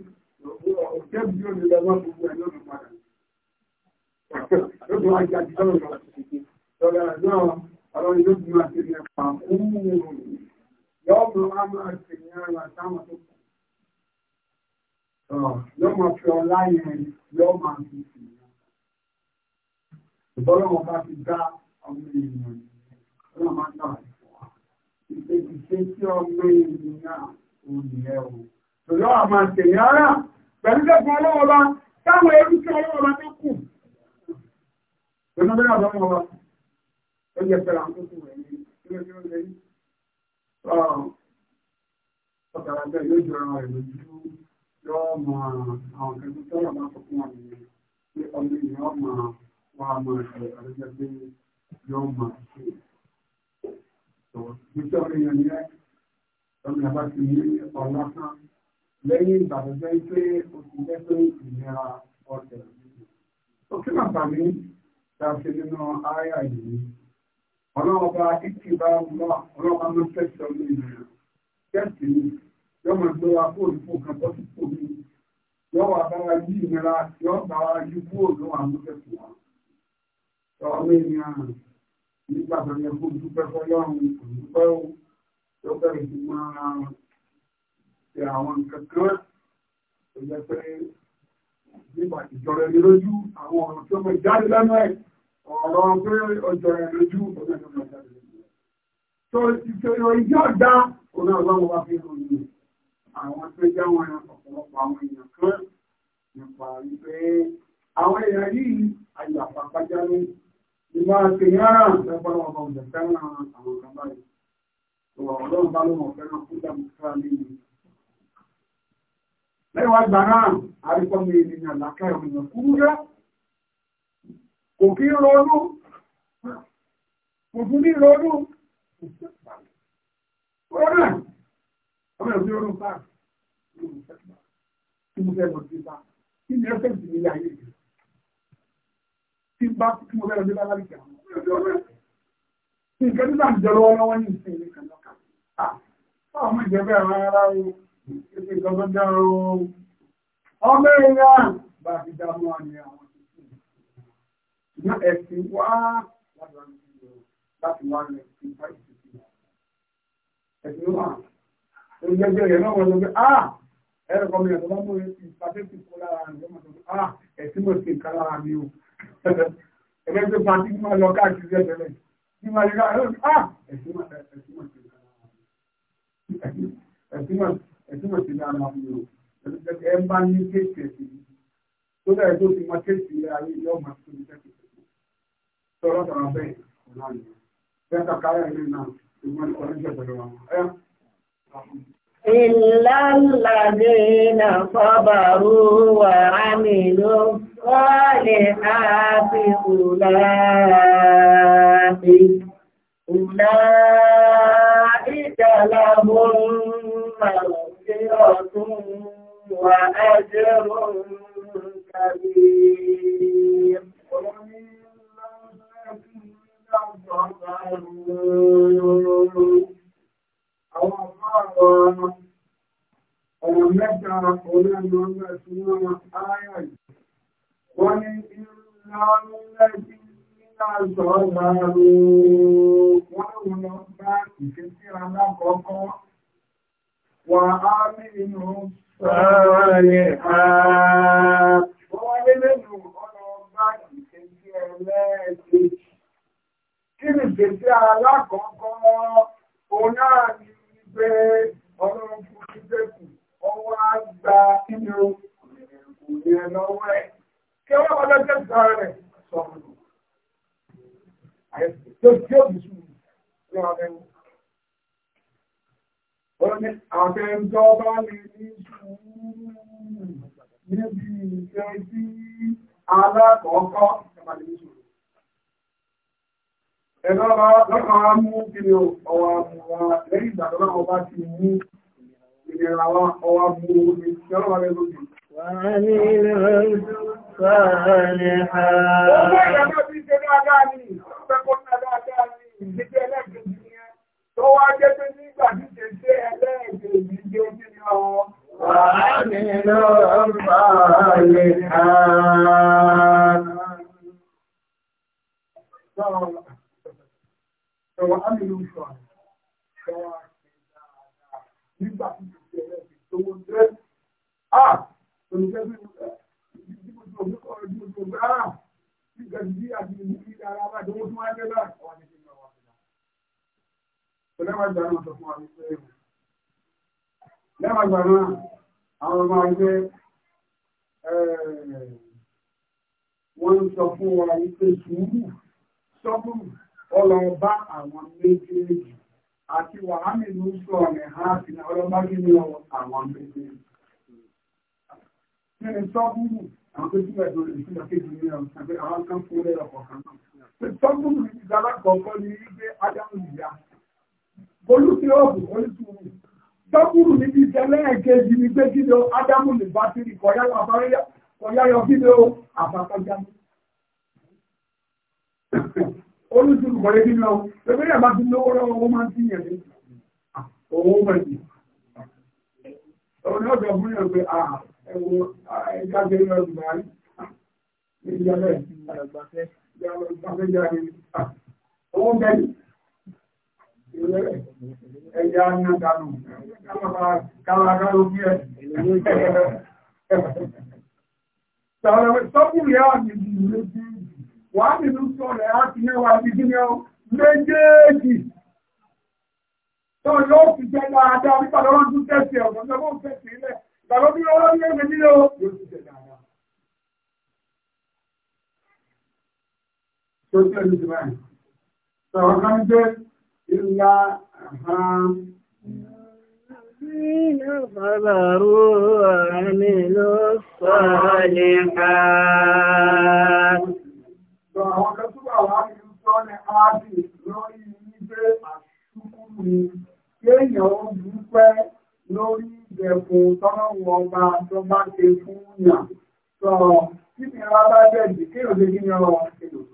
ọmọ ìjáde lẹ́nu ẹ̀ ọ̀rọ̀ pé ọjọ́ rẹ̀ lójú ọ̀rọ̀ ìjáde lẹ́nu ẹ̀. tó ìṣòro ìjọ dá òun náà lọ́wọ́ wá fi hàn ní àwọn tó jẹ́ wọn ọ̀pọ̀lọpọ̀ àwọn èèyàn kan nípa wípé àwọn èèyàn yìí ayò àpapájá ní ìmọ̀ àtẹ̀yára lọ́pọ̀ ọmọ ọ̀dẹ̀ fẹ́ràn àwọn kan báyìí. ọlọ́run bá lọ́wọ́ fẹ́ràn fún dàmùkúrà nínú lẹ́wọ̀n àgbà náà àríkọ́ mi ènìyàn làkàrọ̀ ènìyàn kúrú rẹ̀ kò kí ronú kò tún ní ronú ronú ẹ̀ ọmọ ẹ̀ ní ronú bá kí mo fẹ́ lọ sí bá kí ni ẹsẹ̀ sì nílé ayé yìí tí bá kí mo fẹ́ lọ sí bá láti kí àwọn ọmọ ẹ̀ ní nǹkan tí bá ń jẹ lọ́wọ́ lọ́wọ́ ní ìsìn ní kan lọ́kà ah, ọmọ ìjẹ́bẹ̀ rárá o ìsìn kan tó dára o ọmọ ìyá bá ti dá mọ́ àmì àwọn ní ẹ̀sìn wá láti wá rẹ̀ sí fáìsì sí ẹ̀sìn wá ẹ̀sìn gbẹgbẹ́ rẹ̀ náà wọ́n lọ pé ah ẹ̀rọ kan mi ọ̀dọ́ bá mú rẹ̀ sí pàtẹ́kì kó lára rẹ̀ lọ́mọ tó ah ẹ̀sìn mo sì ká lára mi o ẹgbẹ́ pé pàtí mo lọ káàkiri ẹ̀tẹ̀lẹ̀ tí mo lè ká ẹ̀rọ ah ẹ̀sìn mo sì ká lára mi ẹ̀sìn mo sì lára mi o ẹ̀ ń bá ní kéèkì ẹ̀sìn tó bẹ̀rẹ̀ tó ti mọ kéèkì ayé yọ tọrọ tọrọ bẹ́ẹ̀ ọ̀la ni bẹ́ẹ̀ kàkà ayà ilé náà ṣùgbọ́n ìkọ̀ ní ìṣẹ̀pẹ̀lú wa. Ìlà ladina sabaru wa amilu salihati ulai ulaika lahum maghfiratun wa ajrun kabir. Àwọn ọmọ àwọn ọmọ mẹ́ta olóòrùn ọgbà tí wọ́n wọ́n ayọ̀ yìí. Wọ́n ní ìrìnlọ́rùn lẹ́bí nígbà ṣọ́ọ̀gbà rú. Wọ́n lòun lọ bá ìfẹ́ sí alákọ̀ọ́kọ́. Wà á mí inú sọ́ọ̀lẹ̀ àà. Wọ́n lé lẹ́nu ọlọ́ bá ìfẹ́ kí ni gbèsè alákọ̀ọ́kọ́ òun náà ni pé ọlọ́run fún ìgbẹ́kù ọwọ́ á gba kíni o kò lè lọ́wọ́ ẹ̀ kí wọ́n wọ́n lọ́jọ́ ìgbà rẹ̀ sọ̀rọ̀ tó tí ó bù sùn ní ọ̀rẹ́ wọn. ó ní àtẹnudọ́bá lè ní sùúrù níbi ìfẹ́ sí alákọ̀ọ́kọ́ ìjọba lè ní sùúrù. Ẹ̀lọ́rọ̀ lọ́kàn á mú kí ni ọwà mú wa lẹ́yìn ìgbàdọ́lá ọba ti mú ìlera wa ọwà mú omi tí ọlọ́wà lẹ́nu bí. Wà á ní ilé ọ̀rọ̀ sáà ní ha. Ọjọ́ ìyàmọ́ ti ṣe dáadáa ní ìpẹ́kọ́ dáadáa ní ìdíjẹ́ ẹlẹ́gbẹ̀ẹ́ yẹn tó wá jẹ́ pé nígbà tí ṣe ṣe ẹlẹ́gbẹ̀ẹ́ ìdíjẹ́ ojú ni ọ. Wà á ní ilé ọ̀rọ̀ sáà ní ha ẹ̀wọ̀n amínú ìṣọ̀ ẹ̀wọ̀n àti dáadáa nígbà tí mo ti ẹ̀rẹ́ ti tó wọ́n jẹ́ à oníṣẹ́ bí mo fẹ́ bí mo tó bí kọ́ bí mo tó bá à bí gàdúgbì àti ìlú kí ara bá tó wọ́n tó wá jẹ́ náà wọ́n ti fi mọ̀ wá síta. ọlẹ́wàá lẹ́wàá gbà náà àwọn ọmọ ẹgbẹ́ wọ́n sọ fún wa ní sùúrù sọ́kùnrin ọlọ́run bá àwọn méjèèjì àti wàhálì ló sọ ọ̀nà àti ọlọ́mọ kí ni àwọn méjèèjì. Kí ni sọ́gbùrù àwọn tó túbọ̀ ìdúró lè fún akéjì ní ọ̀hún tàbí àwọn kan fún lẹ́yìn ọ̀kọ̀ọ̀kan náà. Sọ́gbùrù ìdára kọ̀ọ̀kan ni wípé Ádámù ìyá. Olú ti ọ̀bù olùsùnwù. Sọ́gbùrù níbi ìṣẹ̀lẹ̀ ẹ̀kejì ni pé kí ni Ádámù lè bá tìrì kọ̀yáyọ̀ kí ni àbàkọ́jáde olùsùn mọ̀lẹ́bí lọ pẹ̀lú àbá ti lówó lọ́wọ́ wọ́n máa ń tí yẹn ní owó mẹ́jì ọ̀rọ̀ ọ̀dọ̀ fún yẹn pé ẹwọ ẹgbẹ́ ìlú ọ̀gbà rí ìjọba ìgbàfẹ́jáde owó mẹ́jì ẹ̀yà nàdánù kálàkálò bí ẹ̀ Sọ̀rọ̀ sọ́kùnrin àwọn ìdílé bíi wà nínú sọ rẹ̀ á ti mẹ́wàá ti gíní ọ méjèèjì tó yóò fi jẹ́ dáadáa nípa lọ́wọ́ tún tẹ̀sí ọ̀nà lọ́wọ́ tẹ̀sí ilẹ̀ ìgbàlọ́ bí ọlọ́ ní ẹgbẹ́ nílò yóò ti jẹ́ dáadáa. tó tẹ́ ní ti báyìí sọ̀rọ̀ kan jẹ́ ìlà الذين صبروا وعملوا الصالحات sọ àwọn kan tó wà wá ní sọ́ọ̀nì áàbì lórí wípé àṣùkúrú ni kéèyàn ó dúpẹ́ lórí ìdẹ̀kùn tọ́lọ́wọ́ ọba tó bá ṣe fún yàn sọ kí ni ọba bá bẹ̀rẹ̀ kéèyàn ṣe kí ni ọba kéèyàn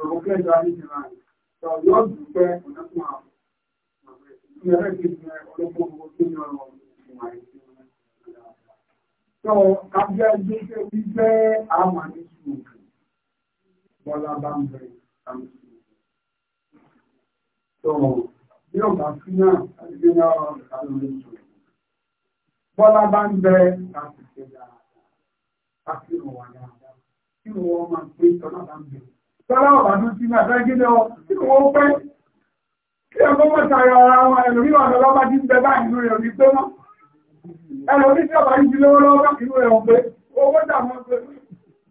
lọ́wọ́ kẹjọ àdéjìlá sọ yóò dúpẹ́ ọ̀nàkùn àwọn ìyẹn ti ní ọlọ́gbọ́n tó ní ọ̀rọ̀ ìwà ìṣẹ́ wọn. sọ kájẹ́ ẹgbẹ́ wípé àwọn àdéjìlá Bọ́lá bá ń bẹ̀rẹ̀ àmì bí ọ̀gá sí náà àti bí náà àlọ́ ìṣòro. Bọ́lá bá ń bẹ láti ṣe dáadáa, láti rọ̀ wà dáadáa, kí ni wọ́n máa pé tọ́lá bá ń bẹ. Tọ́lá ọ̀bá tó sí náà fẹ́ gílẹ̀ ọ, kí ni wọ́n pẹ́? Kí ẹ kó ara wọn ẹlòmí wà lọ́lọ́ ń bẹ báyìí lórí ọ̀rí pé mọ́. Ẹlòmí tí ọ̀bá yìí ti lówó lọ́wọ́ inú ẹ̀ ọ̀pẹ, owó dà mọ́ pé,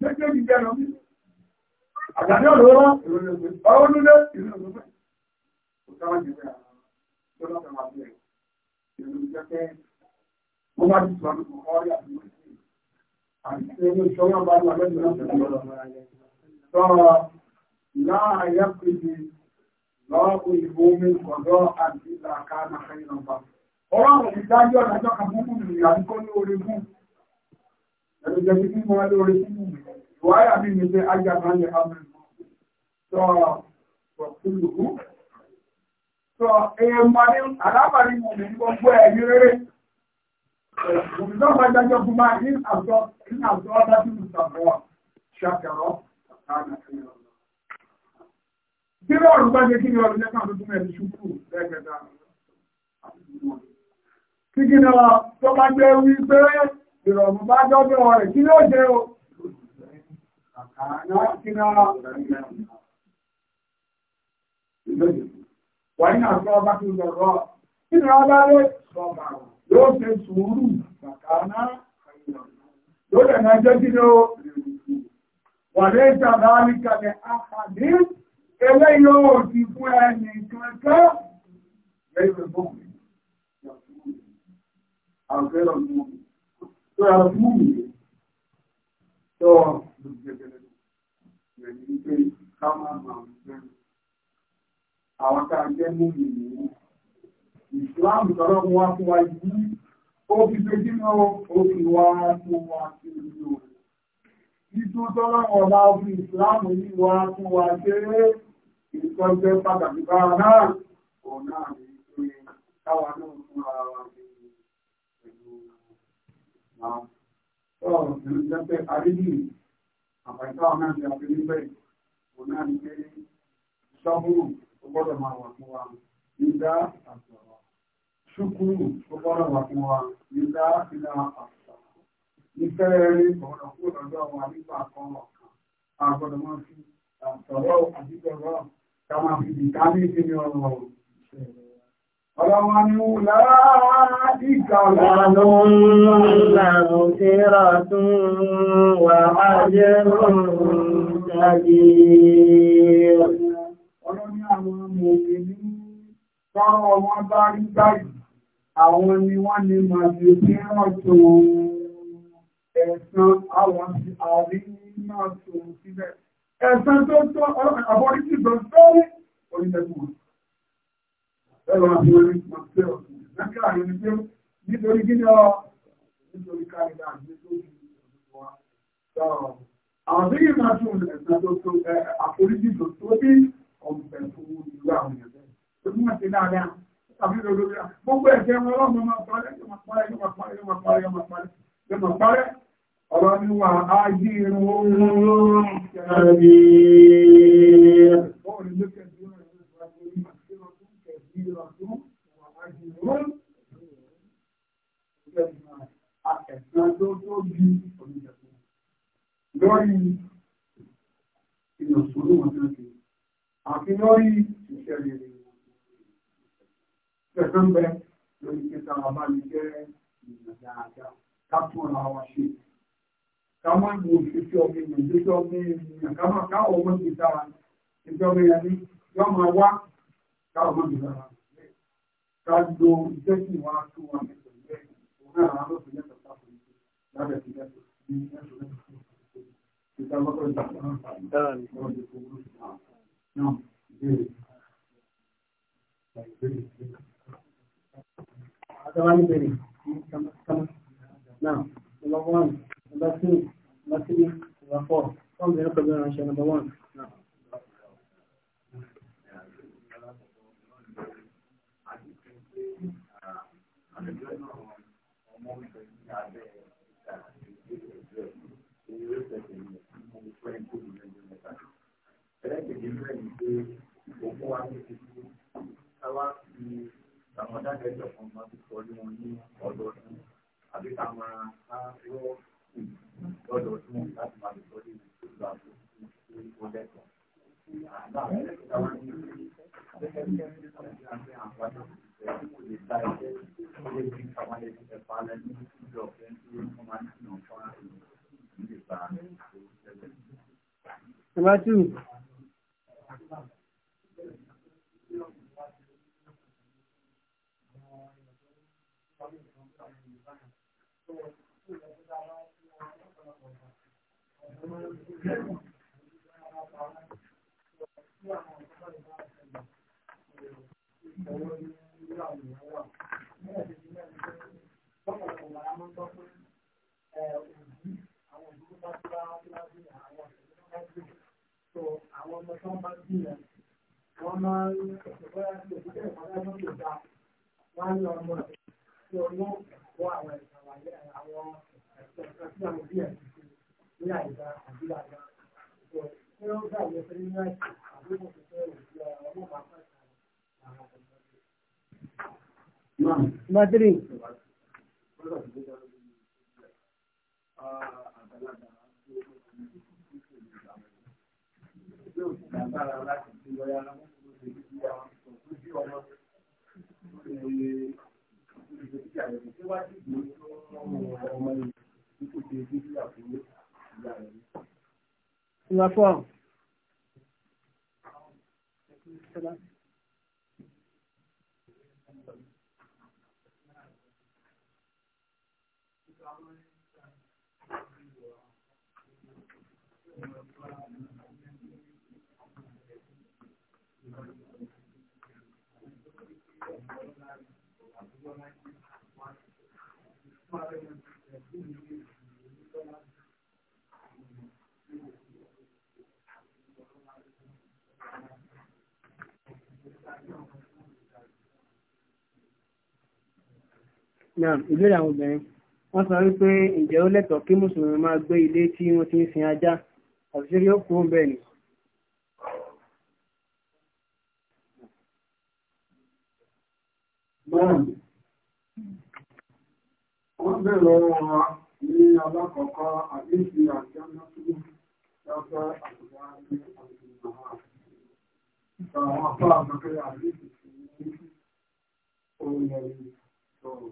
méjèèjì jẹ́ lọ́mí àgbàdo ọ̀rọ̀ wọn ọ̀rọ̀ nílé ìlú ọ̀gbẹ́ kò sáwọn jù bẹ́ẹ̀ tó lọ́pẹ́ máa bí ẹ̀ ìlú jẹ́ pé wọ́n bá ti sọ ọdún kan ọ̀rẹ́ àti wọ́n sí àti ẹni ìṣọ́yọ́ bá wà lẹ́nu náà sọ láàyè pèsè lọ́ọ̀kùn ìbò omi kọ̀dọ̀ àti ìlàkà nàkà ìlànà ọ̀rọ̀ àwọn ìdájọ́ ìdájọ́ kan fún fún ìrìn àdúgbò ní orí fún ẹ̀rọ jẹ́ pé kí wọ́n lórí fún ìrìn wáyà mi ní pé ajá máa ń lè hàmì sọ pọ̀kúlùkú sọ èèyàn mọ́ni alábàárí mọ̀ ní gbogbo ẹ̀mí rere òmìnira ọba jájọ́ fún máa ní àjọ ní àjọ ọba tí mo sàbọ̀ ṣàkẹrọ àtàrà ẹ̀yọ. Bíbẹ̀ ọ̀rùn bá jẹ́ kí ni ọ̀rùn lẹ́kàn tó túnmọ̀ ẹ̀mí ṣubú lẹ́gbẹ̀dá. Kí kí ni ọ tó bá jẹ́ wí pé ìrọ̀rùn bá dọ́dọ̀ rẹ̀ kí ló jẹ́ o? Wàyí náà sọ bá ti lọ̀rọ̀. Nínú ọba lé sọ̀bà yóò ṣe sùúrù kàkàná ló lè máa jẹ́ kí ló wà lé ìjàmbá ní kàlẹ̀ àpàdé ẹlẹ́ yóò ti fún ẹni kankan lẹ́yìn bọ́ọ̀lù. Àgbẹ̀rọ̀ mú mi. Tó yà fún mi tó àwọn tá a jẹ́ mú mi ní ìsìláàmù tọ́lọ́ mú wá fún wa yìí ó fi péjú náà ó fi wá fún wa sí ìlú rẹ̀. Títú tọ́lọ́ ọ̀la fi ìsìláàmù yìí wá fún wa ṣe ìtọ́jẹ́ pàtàkì bá náà ọ̀nà àti ìṣe káwa náà fúnra wa ní ìlú Então, eu já preparei de apaitar a mente, a pedir bem, o nome que chamo o bota mal a tua vida a tua. Shukuru o bota mal a tua vida vida a tua. Ifere o bota mal a tua vida a tua. Agora não se a tua a Ọlọ́wọ́ ni ó láàájíkà lọ́rọ̀ lọ́rọ̀ tí rà tún wà á jẹ́ rọrùn jáde. Ọlọ́ ni àwọn ọmọ òkè ní sọ́rọ̀ wọn bá rí báyìí, àwọn ni wọ́n ni máa fi kí wọ́n tó ẹ̀sán àwọn àrí náà tó sílẹ̀. Ẹ̀sán tó tó ọlọ́pàá àbọ̀rí ẹ̀rọ àti orí pàṣẹ ọ̀sán lẹ́kẹ́ àyè ni pé nítorí gíní ọ nítorí kárídà nítorí ìwà sọ̀rọ̀ àwọn tí yìí máa tún ẹ̀sán tó tó àforíjì tó tó bí ọ̀pẹ̀ fún ìlú àwọn ẹ̀sẹ̀ tó mú ẹ̀sẹ̀ dáadáa tàbí lórí gbogbo ẹ̀sẹ̀ wọn ọlọ́mọ máa parẹ́ yóò máa parẹ́ yóò máa parẹ́ yóò máa parẹ́ yóò máa parẹ́ yóò máa parẹ́ ọ̀rọ̀ ni wà á yí irun oorun kẹrin. مغفرة وأجر Àtẹ̀sán tó tó bí oníjẹ̀kú. Lórí ìyọ̀sùn ló wọ́n náà ti, àti lórí ìṣẹ̀lẹ̀ rẹ̀. Tẹ̀sán bẹ lórí kẹta bàbá mi jẹ́ ìrìnà dáadáa, ká tún ara wa ṣe. Ká má ní òṣìṣẹ́ ọmọ ìrìnà, ìṣẹ́ ọmọ ìrìnà, ká má ká ọmọ ìta ìjọba ìyàní, yọ́ máa wá káwọn ló dìbò náà ká lo iṣẹ́ tí wọ́n á tún wọn ní pẹ̀lú ẹ̀ òun náà àwọn ló fi lẹ́tọ̀ọ́ sáfù yìí lábẹ́ ti lẹ́tọ̀ọ́ ní ẹ̀sùn lẹ́tọ̀ọ́ ìta lọ́kọ̀ ìjọba náà wọ́n ti fún un náà ìbéèrè. Àtàwọn ìbéèrè náà number one number two number three number four. Come, we're going to run number one. látìrù Badri. Ìwà fún náà ìbéèrè àwọn obìnrin wọ́n sọ wípé ǹjẹ́ ó lẹ́tọ̀ọ́ kí mùsùlùmí máa gbé ilé tí wọ́n ti ń sin ajá àbíṣe yóò kú bẹ́ẹ̀ ni. wọ́n bẹ̀rẹ̀ lọ́wọ́ wa ní alákọ̀ọ́kọ́ àdéhùn àti ọ̀nàkùnrin lábẹ́ àbúrò àti àbúrò àwọn afọ àgbẹ̀kẹ́ àdéhùn sí orí ẹ̀rí sọ̀rọ̀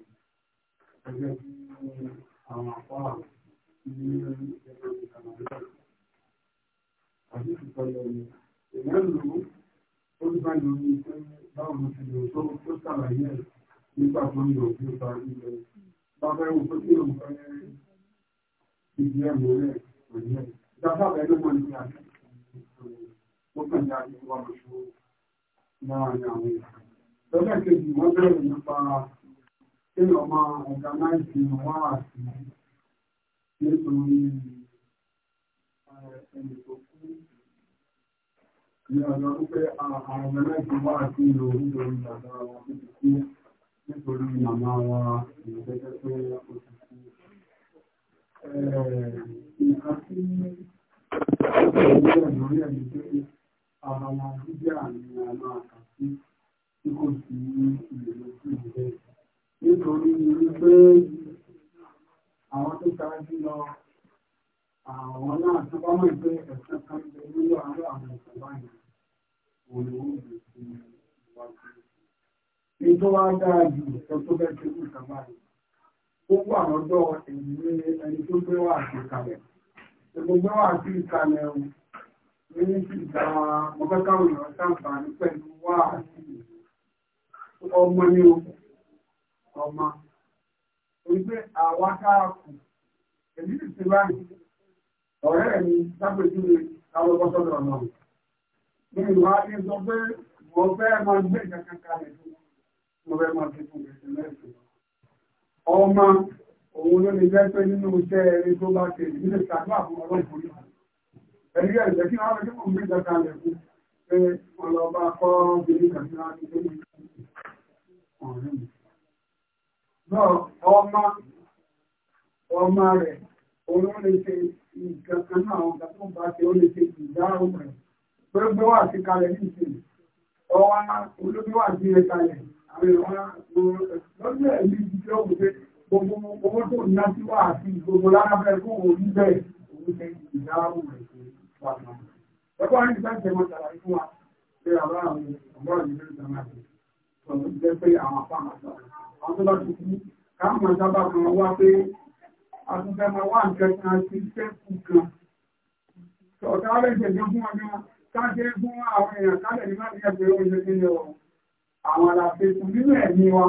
gẹ́gẹ́ bí àwọn àpá ní ìjọba ìkànnà àti ìtọ́lẹ̀ ni èèyàn lò ó ó ti bá lórí pé báwo ló ti lò tó tó ṣàlàyé ẹ̀ nígbà tó ń lò bí ó parí lọ bàbá ẹ̀wọ̀n tó kí òun fẹ́ ìdí ẹ̀ mọ́lẹ̀ pẹ̀lú ẹ̀ kéèyàn máa ọ̀gánáìsì wá àti nítorí eh, ẹni tó kú ní ọ̀dọ́ wípé ọ̀gánáìsì wá àti ìlú nítorí bàbá wa tó ti kú nítorí màmá wa ìgbẹ́jẹ́ pé ó ti kú. Eh, nǹkan tí ìgbésẹ̀ lórí ẹni pé àwọn fídíà ni a máa kà sí tí kò sí ìlú tó ń bẹ̀rẹ̀ nítorí wípé àwọn tó ṣáájú lọ àwọn náà tó bá mọ̀ pé ẹ̀sán kan jẹ nílò àárọ̀ àwọn ẹ̀sán báyìí òun ni wọ́n gbé sí iwájú. ní tó wá dáa ju ìṣẹ́ tó bẹ́ẹ̀ tó kù kan báyìí ó wà lọ́dọ̀ èyí ẹni tó gbé wà sí ìkàlẹ̀ èmi gbé wà sí ìkàlẹ̀ o ní ìgbà mo fẹ́ káwọn èèyàn ṣàǹfààní pẹ̀lú wà sí ọmọ ní okùn ọmọ wípé àwa káàkù èmi sì ti báyìí ọ̀rẹ́ mi sápèjúwe káwọn bọ́ sọ́dọ̀ ọ̀nà mi ìwà ni sọ pé mo fẹ́ máa gbé ìkankan kalẹ̀ fún mo fẹ́ máa fi fún ẹsẹ̀ mẹ́sẹ̀ ọmọ òun ló lè jẹ́ pé nínú iṣẹ́ eré tó bá ṣe ìdílé ṣàdúrà fún ọlọ́pàá yìí ẹ̀rí ẹ̀jẹ̀ kí wọ́n fi fún mi kankan lẹ̀ fún pé ọlọ́ba kọ́ obìnrin kan tí wọ́n ti tó ọ̀rẹ́ mi náà ọmọ ọmọ rẹ̀ òun lè ṣe ìkankan náà àwọn ọ̀gá tó bá ṣe ó lè ṣe ìdáhùn rẹ̀ gbogbo wà sí kalẹ̀ ní ìṣẹ̀lẹ̀ ọwọ́ olóbi wà sí ẹ̀kalẹ̀ àwọn ìwọ̀n lọ́jọ́ ẹ̀mí ìṣẹ́ òun pé gbogbo owó tó ná sí wà àti gbogbo lárábẹ́ kó wò ní bẹ́ẹ̀ òun ṣe ìdáhùn rẹ̀ wà náà. ẹ̀kọ́ àrùn ìgbà ìjẹmọ́ ṣàlàyé fún wa pé àwọn àwọn ọmọ ìlú ìjọba àti ọ̀dọ́ jẹ́ pé àwọn àpá àmàṣà àwọn tó bá ti kú káàmọ̀ sábà kan wá pé àtúnfẹ́ máa wá nǹkan kan sí sẹ́kù kan ọ̀tá rẹ̀ ṣẹ̀dẹ̀ fún ọjọ́ káṣe fún àwọn èèyàn kálẹ̀ ní láti ẹgbẹ̀ ohun ṣe kí lọ àwọn àlàfẹ́kù nínú ẹ̀mí wa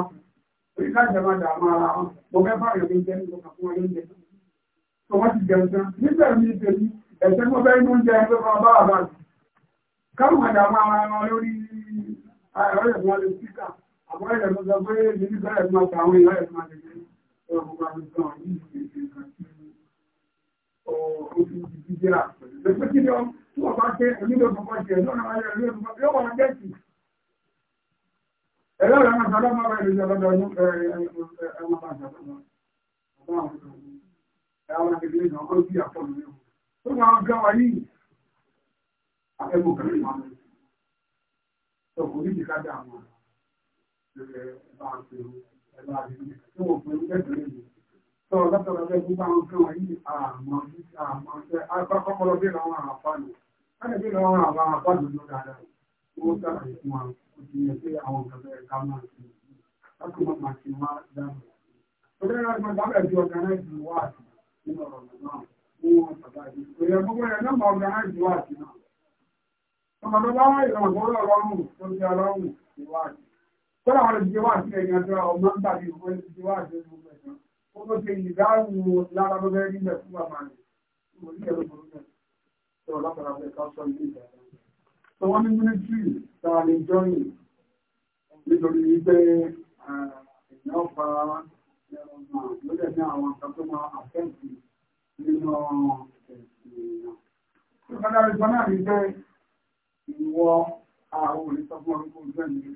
orí láti ẹ̀má dàmú ara wọn mo fẹ́ fà yọ̀ oúnjẹ ní ọkà fún ọjọ́ oúnjẹ tó wọ́n ti jẹun tán nígbà mi tèmi ẹ̀sẹ̀ mo fẹ́ inú oúnjẹ ẹgbẹ́ kan bá àbájú káwọn àdàmú Àwọn ìrẹ̀lú sọ pé ní bẹ́ẹ̀ máa ta àwọn ìlà ìfún àti ọgbọ̀gbà ìtàn yìí ṣe ìgbẹ̀rẹ̀ àti ọ̀rọ̀ ìdíjẹ́ àpẹẹrẹ. Lẹ́pẹ́ kí ni ọ tí wọ́n bá jẹ́ onílò pọ̀pọ̀ jẹ́ lọ́nà ayẹyẹ ìlú ẹ̀mọ́ yóò wà gẹ́ẹ̀kì. Ẹ̀rọ ìrẹ̀lú sọ lọ́mọ́ rẹ̀ lójú ọlọ́dọ̀ ọdún ẹ̀mọ́ bá jẹ́ lọ́mọ́. Àwọn àwọn àwọn ìgbẹ̀rẹ̀ náà ó bí àpọ̀ lórí ọ̀hún. Ó máa ń gáwà yìí. Àfẹ́mọ̀ kẹrin máa ń lọ. Sọ̀kùnrin Sọ látọ̀rọ̀ bẹ́ẹ̀ gbogbo àwọn kan wọ̀nyí àmọ́ àmọ́ ṣe agbákọ́kọ́rọ́ bí àwọn àǹfààní. Láti bí àwọn àǹfààní ló dáadáa, ó sàlàyé fún wa, ó ti yẹ pé àwọn nǹkan bẹ̀rẹ̀ ká máa ṣe. Láti mọ̀ máa ṣe wá dáadáa. Òṣèré láti máa dábẹ̀ ju ọ̀gánáìsì wá àti nínú ọ̀rọ̀ náà fún wọn pàtàkì. Òyẹ̀ gbogbo ẹ̀ náà máa ọ̀gánáìsì ìwádìí tọ́lá àwọn ìdíje wà sí ẹ̀yìn ọjọ́ ọmọ ń gbàdé ìwé ìdíje wà sí ẹ̀yìn ọjọ́ ẹ̀sán ó tó ṣe ìdáhùn lára tó bẹ́ẹ̀ nílẹ̀ fún bàbá rẹ̀ mo ní ẹ̀rọ burú náà tó látara bẹ́ẹ̀ ká sọ ilé ìjà náà. tó wọ́n ní mínísírì tá a lè jọyìn nítorí pé ìyá ọ̀fà lóde ní àwọn nǹkan tó máa àfẹ́ǹtì nínú ẹ̀sìn èèyàn. tó kọ́dá ìgbọ́n náà ní pé ìwọ àwọn òní sọ fún ọdún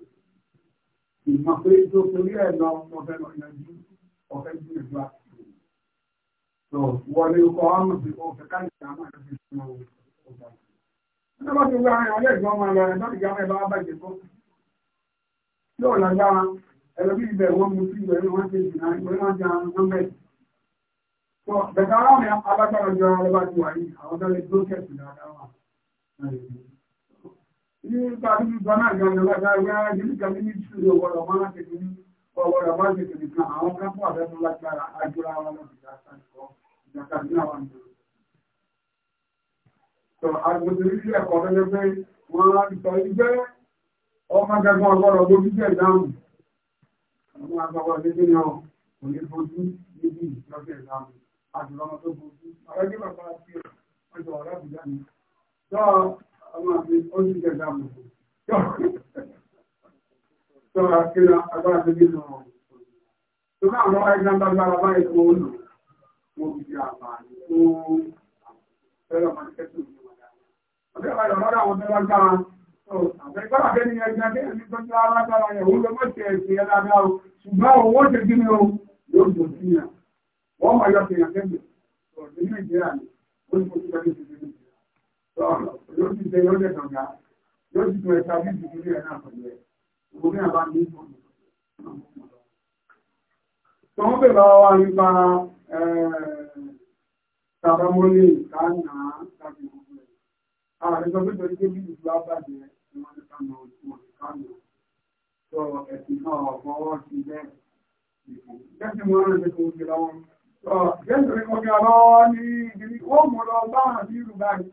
ìmọ̀ pé tó torí ẹ̀ lọ ọ̀fẹ́ lọ yanjú ọ̀fẹ́ jù ìlú àtìkù. tó wọlé ọkọ̀ ọmọ sí ọ̀fẹ́ káyọ̀ àmọ́ ẹ̀ fi sùn ọ̀gá. ẹ̀dá bá ti gba àwọn ọ̀lẹ́ ìgbọ́n máa lọ ẹ̀dá ìgbà ẹ̀ bá bàjẹ́ tó. tí ò lágbára ẹ̀rọ bí ibẹ̀ wọ́n mu sí ìwẹ̀ ní wọ́n ti jìnnà ìwé wọn ti àwọn ọmọ ẹ̀. tó bẹ̀tà aláwọ̀ alágbára jọ ní gbàdúgbù gbọ́nà ìgbàlẹ̀ lágbàáyá nílùú kan ní ìṣúlẹ̀ ọ̀wọ́dọ̀ máa ń tètè ní ọ̀wọ́dọ̀ máa ń tètè nìkan àwọn kápọ̀ àbẹ́mú lágbára àjọra wọn lọ́dún ìdáta ìkọ́ ìdáta ní àwọn ìlú. tó àgbègbè ilé ẹ̀kọ́ tẹ́lẹ̀ pé wọ́n á ti sọ ibẹ́ ọmọ gẹ́gẹ́ ọgbọ́dọ̀ ló fífẹ́ ọmọ mi ó ní gẹ̀gà mọ̀ tó àkílà agbára tó bí lọ tó ká àwọn ẹgbẹ́ agbára báyìí tó ń lò mo fi di àǹfààní tó fẹ́rẹ̀ ọmọ ní kẹ́tù ní wọn dáadáa. ọdẹ ìbàdàn lọ́dọ̀ àwọn tó lágbára tó àgbẹ̀gbára kẹ́ ni ẹgbẹ́ kẹ́ ni tó ti alágbára yẹn òun ló mọ̀ sí ẹ̀sìn ẹ̀ dáadáa o ṣùgbọ́n owó ṣe kí ni o yóò dùn sí yàn wọ́n mọ̀ yọ yóò ti ṣe yóò dẹ̀ kànga yóò ti tún ẹ̀ka bí ìdíjú rẹ̀ náà pẹ̀lú ẹ̀ òwò ní àbá ní ìfọ̀n. tó ń bèbá wa nípa tàbámọ́lé ìkànnà tàbí gbogbo ẹ̀ ààrẹ sọ pé torí pé bí ìlú abàjẹ́ ni wọ́n ti kànnà òṣùwọ̀n ìkànnà tó ẹ̀sìn náà fọwọ́ sí bẹ́ẹ̀. Kẹ́sì mọ́ rẹ̀ lẹ́kọ̀ọ́ òkè lọ́wọ́. Jẹ́sì rẹ̀ kọ́kẹ́ lọ́wọ́ ní ìgbìmí, ó mọ̀ lọ bá àbí ìrù báyìí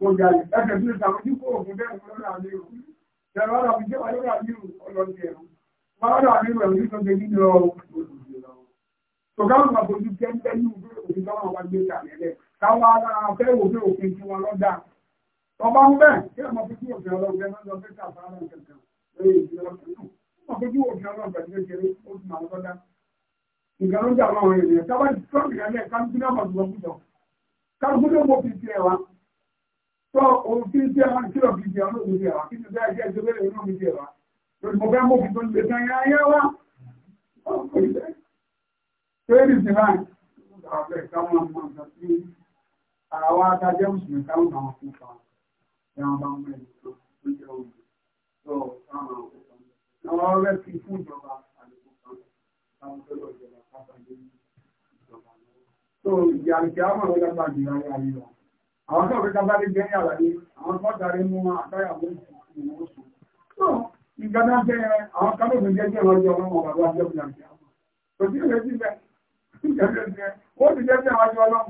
kò yàlẹ̀ ẹ̀kẹ́ tí ó sàmójú kó òkun bẹ́ẹ̀ fún lọ́rọ̀ àmírù ẹ̀rọ ọ̀rọ̀ àmì jẹ́wà lọ́rọ̀ àmírù ọlọ́dẹ ẹ̀rọ lọ́rọ̀ àmírù ẹ̀rọ nípa gbé nínú ọ̀rọ̀ tògáwọn àbójú kẹ́ńtẹ́ ní òfin tó wọn wá gbé kalẹ̀ lẹ̀ káwọn ara fẹ́ wò pé òfin tí wọn lọ́dà ọba ń bẹ̀ kí ọmọ fojú òfin ọlọ́gbẹ́ náà lọ fẹ́ kàfà ara kẹ̀kẹ́ lórí ìdílé ọ̀sán náà ọmọ fojú òfin ọlọ́gbẹ́ kékeré ó ti máa lọ́dà ìgbàlódé àwọn ènìyàn tábàtì tó ìrẹ́lẹ̀ kálukú náà mọ̀ lọ́kùtọ̀ kálukú náà mọ̀ fi tiẹ̀ wá tó òun kí jẹ́ wọn kí lọ fi jẹ́ wọn lórí ẹ̀wà kí ni bẹ́ẹ̀ jẹ́ ìjọba ìlú náà mi jẹ́ wa lórí mo fẹ́ mú fi tó ń lè tán yáyá wa ọkọ̀ ìbẹ̀ tó yẹ nìsín báyìí àwọn ìkáwọn ọmọ nǹkan sí àwọn adájọ́ mùsùlùmí káwọn àwọn fún fa ẹ̀wọ̀n bá mú ẹ̀yìn tó jẹ́ òun tó káwọn àwọn fún fa àwọn ọ̀rẹ́ ti fún ìjọba àlùkò tó lọ ìjọba káfà àwọn tó ọ̀gẹ́gẹ́ bá lè gbé ní àlàyé àwọn tó dárí mú àtàyà mú ìwọ̀n sùn tó nǹkan náà jẹ́ àwọn kábọ̀bìn jẹ́ jẹ́ ọjọ́ ọmọ bàbá jẹ́ bí àti àwọn kò sí ìrẹ́ sí bẹ́ẹ̀ ó ti jẹ́ bí àwọn ọjọ́ ọlọ́run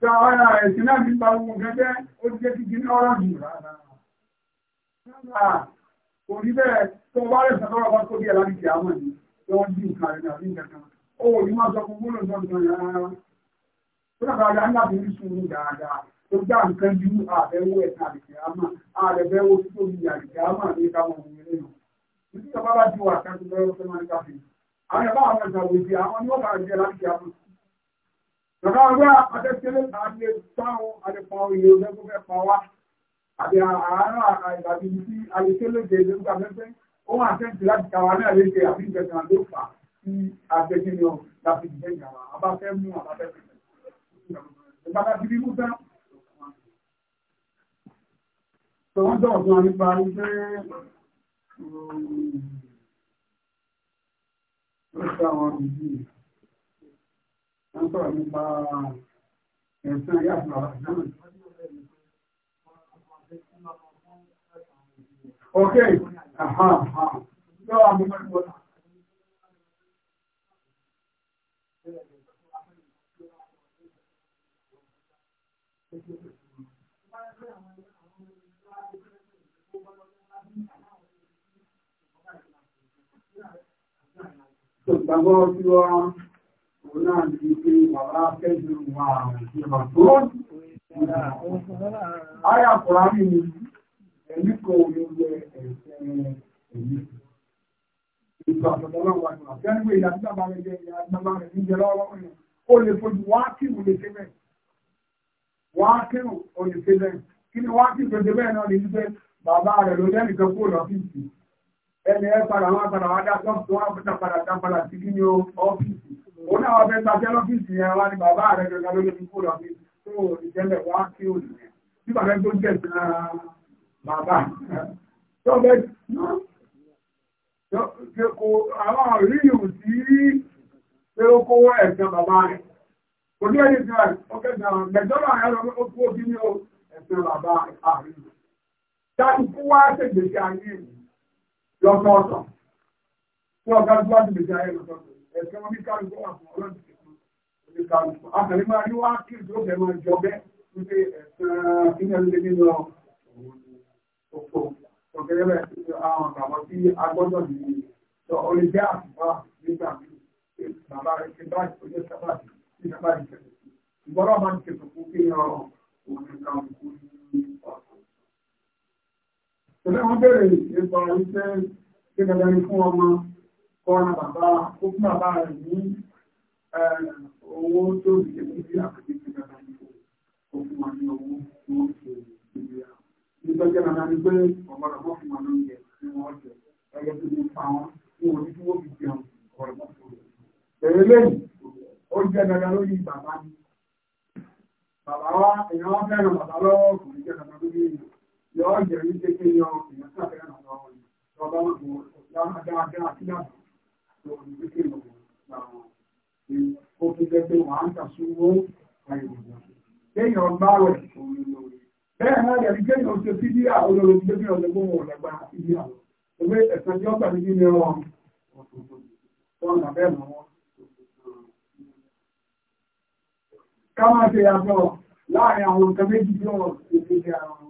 tó àwọn ará ẹ̀sìn náà nípa ogun gẹ́gẹ́ ó ti jẹ́ kíkí ní ọ̀rọ̀ jù rárá tó dàgbà ya ń dàbí ní sùúrù dáadáa tó dá nǹkan ju àbẹ̀wò ẹ̀sìn àdìsí àmà àbẹ̀wò tó ní àdìsí àmà ní káwọn ohun eré nù. Títí ìjọba bá ti wà kẹ́kọ̀ọ́ lọ́wọ́ fẹ́ máa ń káfí. Àwọn ẹ̀bá àwọn ẹ̀sìn àwọn ìdí àwọn ni wọ́n bá jẹ láti àmà. Bàbá wa àtẹ́tẹ́lẹ́ àti táwọn àdìpọ̀n ìyẹn lẹ́gbẹ́ fẹ́ pa wá. Àbí àárọ̀ àìbàbí sí àdìtẹ́lẹ́ jẹ lórúkọ afẹ́fẹ́. Ó wà sẹ́ǹtì láti kàwá náà léṣe àbí ìjọba ló fà sí abẹ́gbẹ́ náà láti ìjẹ́ ìgbàdá bíbí mú tán. Tó wọ́n dọ̀ fún wa nípa mm, wípé ó ṣe àwọn ìdí wọ́n sọ̀rọ̀ nípa ẹ̀sìn ayé àti ìgbàgbọ́ tí wá òun náà ti pé wàrà kẹ́jù wà ìjọba tó àyà kùránì ni ẹ̀mí kò ní yẹ ẹ̀sẹ̀ ẹ̀mí. Ìgbà àtọ̀tọ̀ náà wà ní àti ẹni pé ìyá tí bàbá rẹ̀ jẹ́ ìyá tí bàbá rẹ̀ ń jẹ lọ́wọ́ rẹ̀. Ó lè fojú wá kírù lè ṣe bẹ́ẹ̀. Wá kírù ó lè ṣe bẹ́ẹ̀. Kí ni wá kírù lè náà lè ṣe bẹ́ẹ̀ bàbá rẹ̀ ló jẹ́ nìkan kúrò lọ́fíìsì ẹni ẹ padà wọn padà wọn dá sọ́ọ̀tù wọn padà padà dá padà sí kí ni ọ́fíìsì òun náà wọn fẹ́ gbàjẹ́ lọ́fíìsì yẹn wá ní bàbá rẹ̀ gẹ́gẹ́ ló lè fi kúrò ní tó ìjẹ́lẹ̀ wá kí ò ní bí bàbá tó jẹ̀ sí bàbá tó bẹ́ àwọn ríyù sí pé ó kó ẹ̀sán bàbá rẹ̀ kò ní ẹni tí ó kẹsàn án gbẹ̀jọ́rọ̀ àyà lọ ó kú òbí ní ẹ̀sán bàbá àríyù. Táàkù kú wá ṣègbèsè ayé mi lọ́tọ̀ọ̀tọ̀ tí ọ̀gá tó láti bèèrè ayé lọ́tọ̀ọ̀tọ̀ ẹ̀sẹ̀ wọn ní kálukú àpò ọlọ́dún kẹfún ní kálukú akàlẹ́ máa ní wá kí ìṣòro bẹ̀rẹ̀ máa jọ bẹ́ wípé ẹ̀sán ilẹ̀ ló lé nínú òfò ọ̀gẹ́gẹ́ bẹ́ẹ̀ àwọn bàbá tí a gbọ́dọ̀ ní sọ orí jẹ́ àtúbà nígbà míì bàbá rẹ̀ ṣe báyìí ó jẹ́ sábàdì ní Ọlọ́run bẹ̀rẹ̀ nípa wípé kí dandan ni fún ọmọ kọ́ra bàbá ó fún bàbá rẹ̀ ní owó tó lè ṣe níbi àkàtì ti dandan ni kò fún wa ní owó tí wọ́n ṣe ìdílé à. Nítorí dandan ni pé ọ̀gbọ́dọ̀ wọ́n fún wa lóúnjẹ tí wọ́n jẹ ẹgbẹ́ tó ní fa wọn fún òní tí wọ́n fi jẹun ọ̀rọ̀ mọ́ fún wọn. Bẹ̀rẹ̀ lẹ́yìn, ó jẹ́ dandan lórí bàbá ni. Bàbá wa, èèyàn wọn fẹ́ràn bàbá lọ́wọ́ yọ̀ọ́ jẹ́ ní kékeré yan èèyàn sábẹ́ ràn lọ́wọ́ ni lọ́ba wọn kò dáadáa sí àbọ̀ tó ní kékeré lọ làwọn ó fi jẹ́ pé wọ́n á ń tàṣúwó àìwòsàn. kéèyàn bá rẹ̀ òun lórí. bẹ́ẹ̀ náà yẹ kí kéèyàn ṣe sí bí olórí tó bí ọ̀lẹ́ gbóhùn ọ̀lẹ́ gba ibi àwọn. ewé ẹ̀sán tí ó gbà níbi ní ọ̀rọ̀ ọ̀tọ̀ọ̀tọ̀ bẹ́ẹ̀ mọ́ wọn. ká máa ṣe yàtọ̀ láàrin àwọn nǹkan méjì tí wọ́n ti fi ṣe àwọn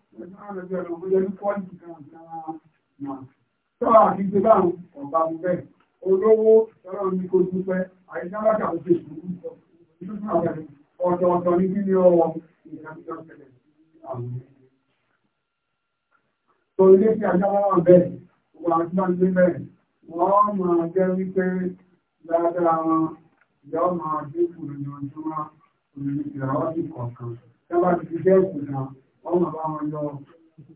Tọ́wọ́ àti gbé báwọn ọ̀bá mú bẹ́ẹ̀. Olówó tọ́rọ ní kó dúpẹ́, àìsàn láti àwọn oṣù ọ̀tọ̀ọ̀tọ̀ ní kíni ọwọ́ ìrìnàjò ṣẹlẹ̀ àwọn tó ilé tí ajá wọ́n bẹ́ẹ̀ wà tí wọ́n gbé bẹ́ẹ̀ wọ́n máa jẹ́ wípé dáadáa wọn yọ́ máa dínkù ní ọjọ́ wọn ti jẹ́ ìkùnà wọ́n mọ̀ bá wọn lọ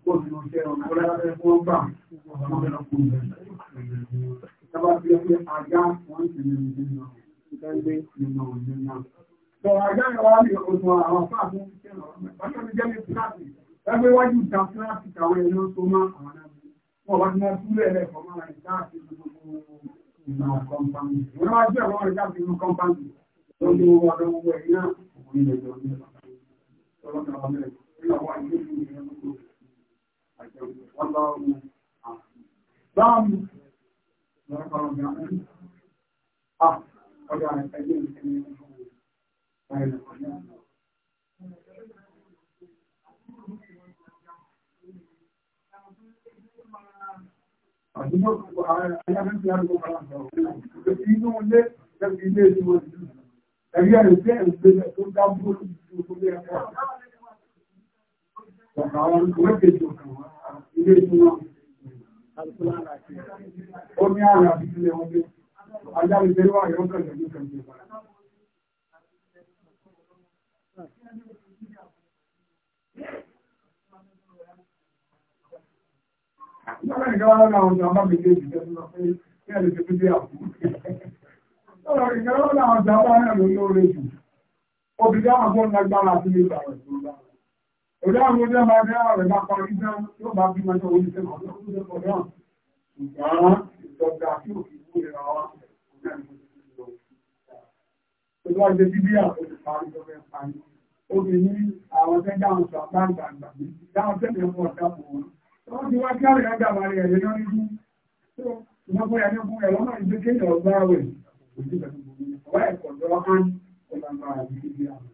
gbọ́dọ̀ ṣe ọ̀nà ọlọ́dẹ fún ọgbà wọn bẹ̀rẹ̀ kú rẹ̀. Ìjọba fi ẹ pé ajá wọn ti ní ìdí náà ìfẹ́ nínú ìdí náà. Sọ ajá yẹn wá ní oṣù àwọn fáàfin ṣe ọ̀rọ̀ bàtà mi jẹ́ mi fúláàtì. Ẹgbẹ́ iwájú Báàmù lọ́pàá ọ̀gá ẹni. Ah, ọ̀gá ẹgbẹ́ ìsinmi ọ̀gá ẹ̀lẹ́kọ̀ọ́ náà. àdúgbò ayáfẹ́fẹ́ àdúgbò kaláńtọ̀ inú ilé ilé ìdíwọ̀n ẹ̀rí ẹ̀rí tó dábò lójú tó lé ẹ̀kọ́ àwọn méjèèjì òkè wọn ilé ìtumọ̀ omi àrùn àti ilé wọn dé ajáde tẹ́lẹ̀ wà yóò kẹ̀lẹ̀ ní kẹ̀lẹ̀ Lọ́rọ̀ ìgbàlá náà ọjọ́ ọmọ méjèèjì tẹ́lẹ̀ lọ pé kí ẹ̀lẹ́ ti fi dé àpò. Lọ́rọ̀ ìgbàlá náà ọjọ́ ọmọ náà ló lóore jù. Obìnrin àwọn agbóhùn lágbára àti ilé ìgbàlá ìgbàlá. Ọ̀dá àwọn ọjọ́ máa bẹ́ ààrẹ bá parí náà yóò bá bí mọ́jọ́ oníṣẹ́ ọ̀dọ́ ọ̀dọ́ náà. Ṣùgbọ́n ìjọba tí ò fi kú ìrọ̀ wá ọ̀dọ́ ìjọba. Ọjọ́ ọjọ́ bíbí àkókò parí tó fẹ́ parí. Obìnrin àwọn tẹ́ dáhùn sọ àpá àgbàgbà mi, dáhùn tẹ́ mi ọmọ ọ̀dá bò wọn. Wọ́n ti wá kí àrẹ̀ àgbà máa rí ẹ̀yẹ lórí bí. Wọ́n fún ẹni fún ẹ̀ lọ́nà